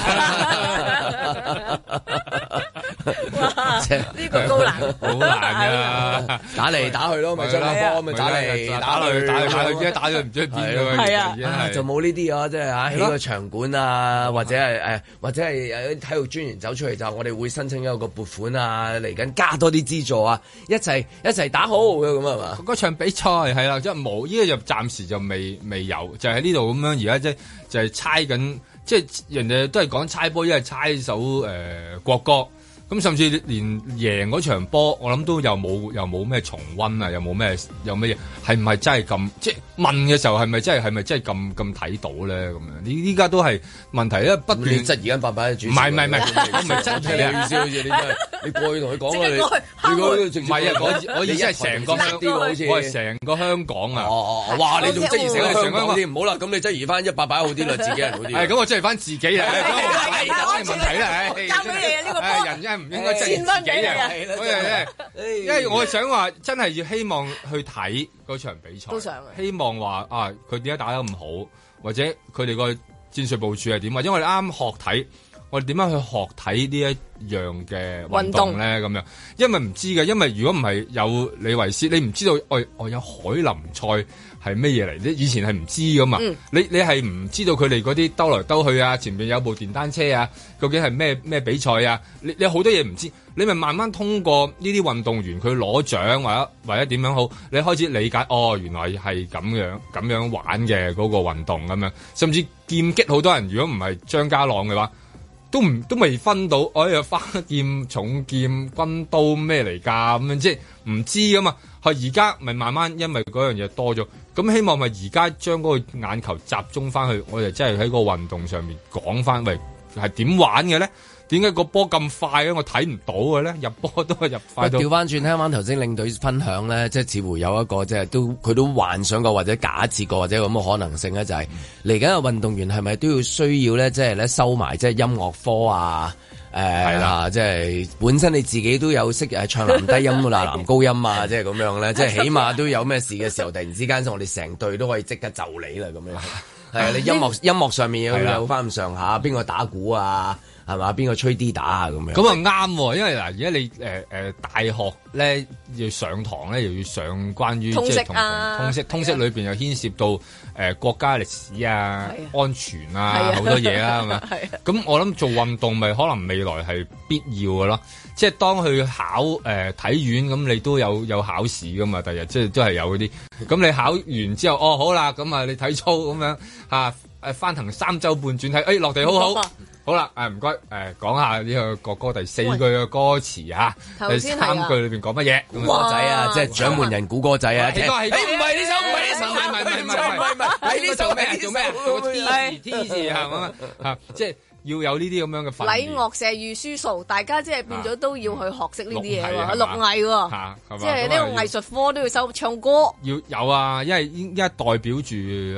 呢、啊這個高難好、啊、難噶、啊啊，打嚟打去咯，咪出咗波咪打嚟打去打，打，打，打，打，打，打，打，打去，打咗唔知邊咁嘅嘢？係啊，就冇呢啲啊，即係吓，起個場館啊，或者係誒，或者係有啲體育專員走出嚟就我哋會申請一個撥款啊，嚟緊加多。啲資助啊，一齊一齊打好嘅咁啊嘛！嗰場比賽係啦，即係冇依個就暫時就未未有，就喺呢度咁樣。而、就係就係就係、家即就係、係、猜緊，即係人哋都係講猜波，因為猜首誒國歌。咁甚至連贏嗰場波，我諗都又冇又冇咩重溫啊，又冇咩有咩嘢，係唔係真係咁？即係問嘅時候係咪真係係咪真係咁咁睇到咧？咁樣你依家都係問題咧，不斷質疑緊八百嘅主，唔係唔係唔係，唔係質疑你意思好似你你過去同佢講佢，如果唔係啊，我我真係成個我係成個香港啊！哇，你仲質疑成個香港？你唔好啦，咁你質疑翻一八百好啲啦，自己人好啲。係咁，我質疑翻自己啊！問題啦，交俾你呢個。唔應該真係幾，因為因為我想話，真係要希望去睇嗰場比賽，希望話啊，佢點解打得咁好，或者佢哋個戰術部署係點？因為我哋啱啱學睇，我哋點樣去學睇呢一樣嘅運動咧？咁樣，因為唔知嘅，因為如果唔係有李維斯，你唔知道喂，我、哎、有海林賽。係咩嘢嚟？你以前係唔知噶嘛？你你係唔知道佢哋嗰啲兜嚟兜去啊，前面有部電單車啊，究竟係咩咩比賽啊？你你好多嘢唔知，你咪慢慢通過呢啲運動員佢攞獎或者或者點樣好，你開始理解哦，原來係咁樣咁樣玩嘅嗰個運動咁樣，甚至劍擊好多人如果唔係張家朗嘅話。都唔都未分到，哎呀，花劍、重劍、軍刀咩嚟噶咁樣，即係唔知噶嘛。係而家咪慢慢，因為嗰樣嘢多咗，咁希望咪而家將嗰個眼球集中翻去，我哋真係喺個運動上面講翻，喂，係點玩嘅咧？點解個波咁快咧？我睇唔到嘅咧，入波都係入快到。調翻轉聽翻頭先領隊分享咧，即係似乎有一個即係都佢都幻想過或者假設過或者咁嘅可能性咧，就係嚟緊嘅運動員係咪都要需要咧，即係收埋即係音樂科啊？誒係啦，即係本身你自己都有識唱男低音啦、男 高音啊，即係咁樣咧，即係起碼都有咩事嘅時候，突然之間我哋成隊都可以即刻就你啦咁樣。係 啊，你音樂音樂上面有有翻咁上下，邊個打鼓啊？係嘛？邊個吹 D 打啊？咁樣咁啊啱，因為嗱，而家你誒誒，大學咧要上堂咧，又要上關於通識啊，同同通識通識裏邊又牽涉到誒、呃、國家歷史啊呀、安全啊好多嘢啦、啊，係咪？咁我諗做運動咪可能未來係必要噶咯？即係當去考誒體、呃、院咁，你都有有考試噶嘛？第日即係都係有嗰啲。咁你考完之後，哦好啦，咁啊你體操咁樣吓。啊誒，翻騰三周半轉，睇誒落地好好，嗯嗯、好啦，誒唔該，誒講、呃、下呢個歌、歌第四句嘅歌詞吓，頭先三句裏邊講乜嘢？歌、啊、仔啊，即係獎門人估歌仔啊，即係，誒唔係呢首，唔係呢首，唔係唔係唔係唔係，係呢首咩？叫咩啊？天時天時吓，吓即係。要有呢啲咁樣嘅禮樂射、御書數，大家即係變咗都要去學識呢啲嘢喎，六、啊、藝喎、啊啊，即係呢個藝術科都要收要唱歌。要有啊，因為而家代表住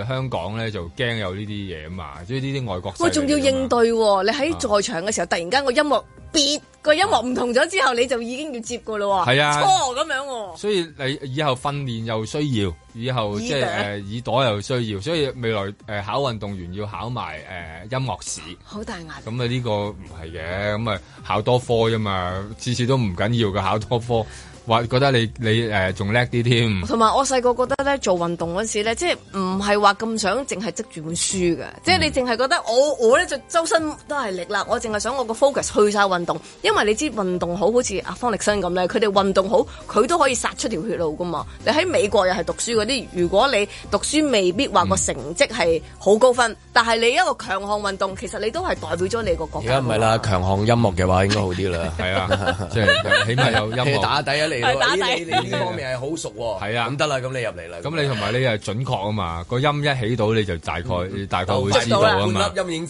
香港咧，就驚有呢啲嘢嘛，即係呢啲外國人我仲要應對、啊啊。你喺在，在場嘅時候，突然間個音樂變，個音樂唔同咗之後，你就已經要接過啦。係啊，錯咁樣、啊。所以你以後訓練又需要。以後即係誒耳朵又需要，所以未來誒、呃、考運動員要考埋誒、呃、音樂史，好大壓力。咁啊呢個唔係嘅，咁啊考多科啫嘛，次次都唔緊要嘅，考多科。話覺得你你誒仲叻啲添，同、呃、埋我細個覺得咧做運動嗰時咧，即係唔係話咁想淨係執住本書嘅、嗯，即係你淨係覺得我我咧就周身都係力啦，我淨係想我個 focus 去晒運動，因為你知運動好好似阿方力申咁咧，佢哋運動好，佢都可以殺出條血路噶嘛。你喺美國又係讀書嗰啲，如果你讀書未必話個成績係好高分，嗯、但係你一個強項運動，其實你都係代表咗你個國家。而家唔係啦，強項音樂嘅話應該好啲啦，係 對啊，即 係、就是、起碼有音樂打底 你呢方面係好熟喎，係啊，咁得啦，咁你入嚟啦。咁你同埋你係準確啊嘛，個音一起到你就大概、嗯嗯、大概會知道啊嘛、嗯。完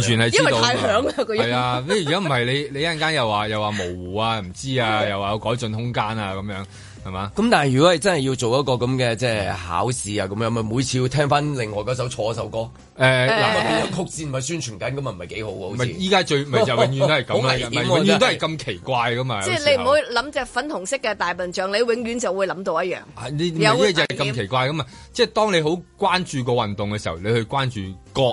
全係知道。因為太響啊、個音。係啊，你如果唔係你你一陣間又話又話模糊啊，唔知啊，又話有改進空間啊咁樣。係嘛？咁但係如果係真係要做一個咁嘅即係考試啊咁樣，咪每次要聽翻另外嗰首錯首歌？誒、欸，嗱、呃，咁、呃、樣曲線咪宣傳緊，咁咪唔係幾好？好似依家最咪就永遠都係咁，係、 啊、永遠都係咁奇怪噶嘛？即、就、係、是、你唔好諗隻粉紅色嘅大笨象，你永遠就會諗到一樣。啊、你唔係就係咁奇怪噶嘛？即係當你好關注個運動嘅時候，你去關注歌。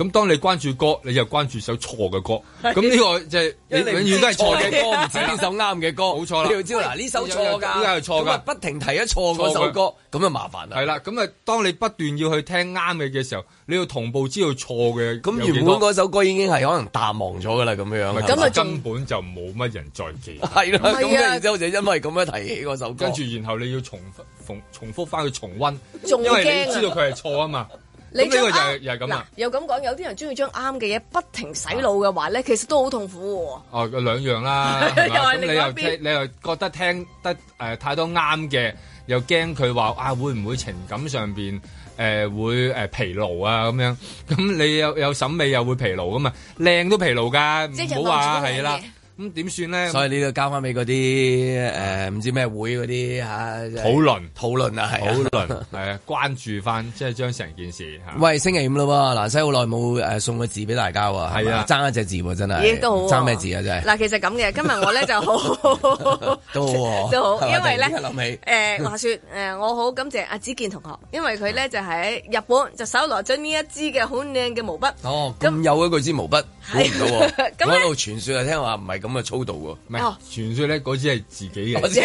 咁當你關注歌，你就關注首錯嘅歌。咁呢個就係你永遠都係錯嘅歌，唔知呢首啱嘅歌。冇錯啦。你要知道嗱呢首錯㗎，依家係錯㗎。咁不停提一錯嗰首歌，咁就麻煩啦。係啦，咁啊，當你不斷要去聽啱嘅嘅時候，你要同步知道錯嘅。咁原本嗰首歌已經係可能淡忘咗㗎啦，咁樣。咁啊，根本就冇乜人再記。係啦，咁然之後就因為咁樣提起嗰首歌。跟住，然後你要重重、重複翻去重温，啊、因為你知道佢係錯啊嘛。 你呢個就係咁啦，又咁講，有啲人中意將啱嘅嘢不停洗腦嘅話咧，其實都好痛苦喎。哦，兩樣啦，咁你又即係你又覺得聽得誒太多啱嘅，又驚佢話啊會唔會情感上邊誒會誒疲勞啊咁樣？咁你又有審美又會疲勞噶嘛？靚都疲勞噶，唔好話係啦。咁、嗯、點算咧？所以呢度交翻俾嗰啲誒唔知咩會嗰啲嚇討論討論啊，係討論係啊，啊，關注翻即係將成件事、啊、喂，星期五啦喎，嗱，南西好耐冇誒送個字俾大家喎，係啊，爭、啊、一隻字喎，真係都好爭、啊、咩字啊？真係嗱，其實咁嘅，今日我咧就好，都 好 都好，因為咧誒、呃、話説誒、呃，我好感謝阿、啊、子健同學，因為佢咧 就喺日本就搜羅咗呢一支嘅好靚嘅毛筆。哦，咁、嗯、有一句支毛筆估唔到喎，喺度傳説啊， 說聽話唔係咁。咁啊操度喎，唔係傳說咧，嗰支係自己嘅， 我自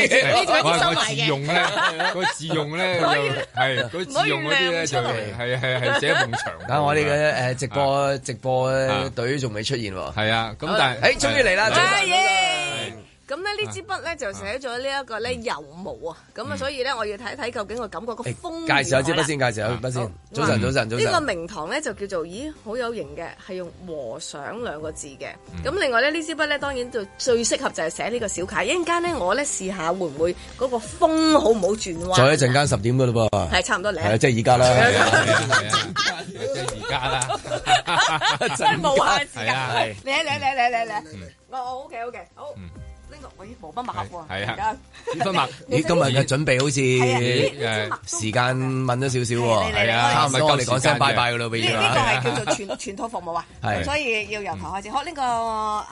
用咧，個 自用咧，係， 嗰自用嗰啲咧就係，係啊係啊係寫夢長，但係我哋嘅誒直播、啊、直播隊仲未出現喎，係啊，咁但係，誒終於嚟啦，終於。啊咁呢呢支筆咧就寫咗呢一個咧油毛啊，咁、嗯、啊所以咧我要睇睇究竟個感覺個風，介紹下支筆先，介紹下支筆先，早晨、嗯、早晨、嗯、早晨。呢、這個名堂咧就叫做，咦好有型嘅，係用和尚兩個字嘅。咁、嗯、另外咧呢支筆咧當然就最適合就係寫呢個小楷。一陣間咧我咧試下會唔會嗰個風好唔好轉彎？再一陣間十點噶嘞噃。係 差唔多嚟。即係而家啦。即係而家啦。就是、 真係無限時間。嚟嚟嚟嚟嚟嚟。我我 OK OK 好。我依無分密喎，而家無分密。咦，今日嘅準備好似時間問咗少少喎，係啊，差唔多嚟講聲拜拜㗎喇，譬如呢個係叫做全全套服務啊，所以要由頭開始學。呢個啊，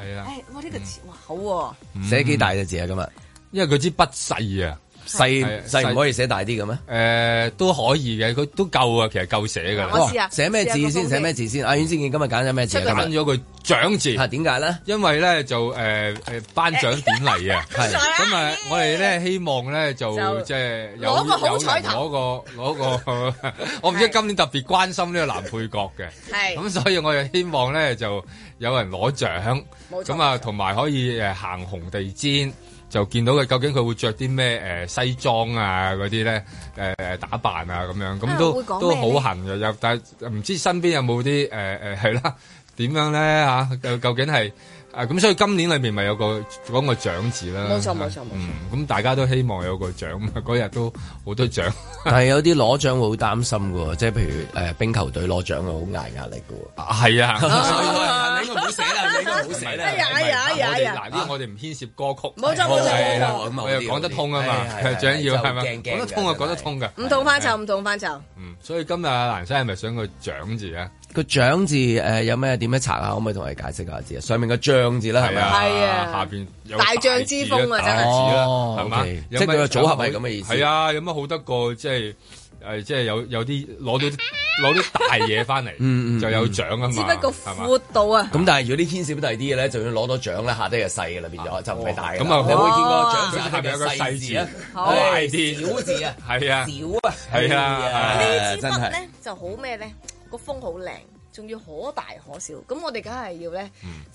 誒，哇，呢個字哇，好寫幾大嘅字啊，今日，因為佢支筆細啊。細細唔可以寫大啲嘅咩？誒、呃、都可以嘅，佢都夠啊，其實夠寫嘅。我試下寫咩字先？寫咩字先？阿袁思健今日揀咗咩字？揀咗個獎字。嚇點解咧？因為咧就誒誒頒獎典禮啊，係咁啊！ 我哋咧希望咧就即係、就是、有個好彩頭，攞個攞 是的 我唔知今年特別關心呢個男配角嘅，咁 所以我哋希望咧就有人攞獎。咁啊，同埋可以行紅地氈。就見到佢究竟佢會著啲咩西裝啊，嗰啲咧打扮啊，咁樣咁、啊、都都好痕，又但係唔知身邊有冇啲係啦，點樣咧、啊、究竟係。 啊，咁所以今年裏面咪有個講、個獎字啦，冇錯冇錯，咁、嗯嗯、大家都希望有個獎，嗰日都好多獎，係有啲攞獎會好擔心嘅喎，即係譬如、欸、冰球隊攞獎好捱壓力嘅喎，係啊，唔好寫啦，唔好啦，嗱、啊、呢、啊啊啊啊、我哋唔、啊、牽涉歌曲，冇錯冇錯，我又講得通啊嘛，係最緊要係嘛，講得通啊講得通嘅，唔同範疇唔同範疇。所以今日阿蘭生係咪想個獎字啊？個獎字有咩點樣查啊？可唔可以同我哋解釋下字啊？上面個獎。字啦，係咪啊，啊？下邊大將之風啊，字真係，係、哦、嘛、okay？即係佢嘅組合係咁嘅意思。係啊，有乜好得過？即係誒，即係有有啲攞到攞啲大嘢翻嚟， 就有獎啊嘛。嗯嗯、只不過闊度啊，咁、嗯、但係如果啲牽涉大啲嘅咧，就要攞到獎啦。下低係細嘅，啦，變咗就唔係大。咁、哦、啊，你會見過獎下邊有，有個細、哦、字啊？大字、哦、小字啊？係 啊，小啊？係啊？呢啲咧就好咩咧？個風好靚。仲要可大可小，咁我哋梗係要咧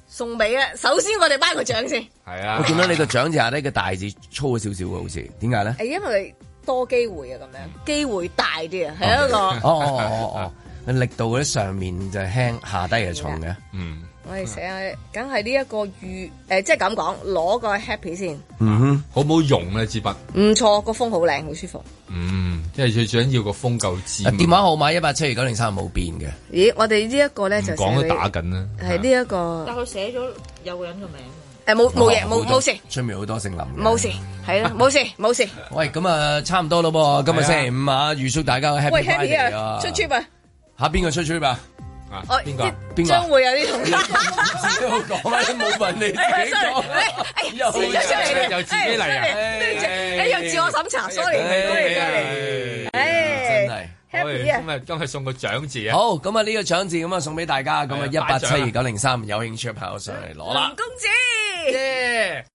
送俾啦、嗯。首先我哋頒個獎先，係啊。我見到你個獎字下低個大字粗咗少少嘅，好似點解咧？誒，因為多機會啊，咁樣機、嗯、會大啲啊，係、oh. 一個哦哦哦哦，oh, oh, oh, oh, oh. 力度嗰啲上面就輕，下低就重嘅，嗯、啊。 我哋寫下，梗係呢一個預，誒，即係咁講，攞個 happy 先。嗯哼，好唔好用咧支筆？唔錯，個鋒好靚，好舒服。嗯，即係最緊要個鋒夠尖。電話號碼一八七二九零三冇變嘅。咦，我哋呢一個咧就寫。唔講都打緊啦。係呢一個，但係佢寫咗有個人嘅名啊。誒，冇冇嘢，冇冇事。出面好多姓林。冇事，係啦，冇事冇事。喂，咁啊，差唔多咯噃，今日星期五啊，預祝大家 happy happy 啊！出出啊，下邊個出出啊。邊個？邊個？將會有啲通知。唔知點講啊，都冇問你。自己講。又自己嚟啊！又自我審查，sorry 你。恭喜你。真係。happy 啊！咁啊，今日送個獎字啊。好，咁啊，呢個獎字咁啊，送俾大家。咁啊，一八七二九零三，有興趣嘅朋友上嚟攞啦。林公子。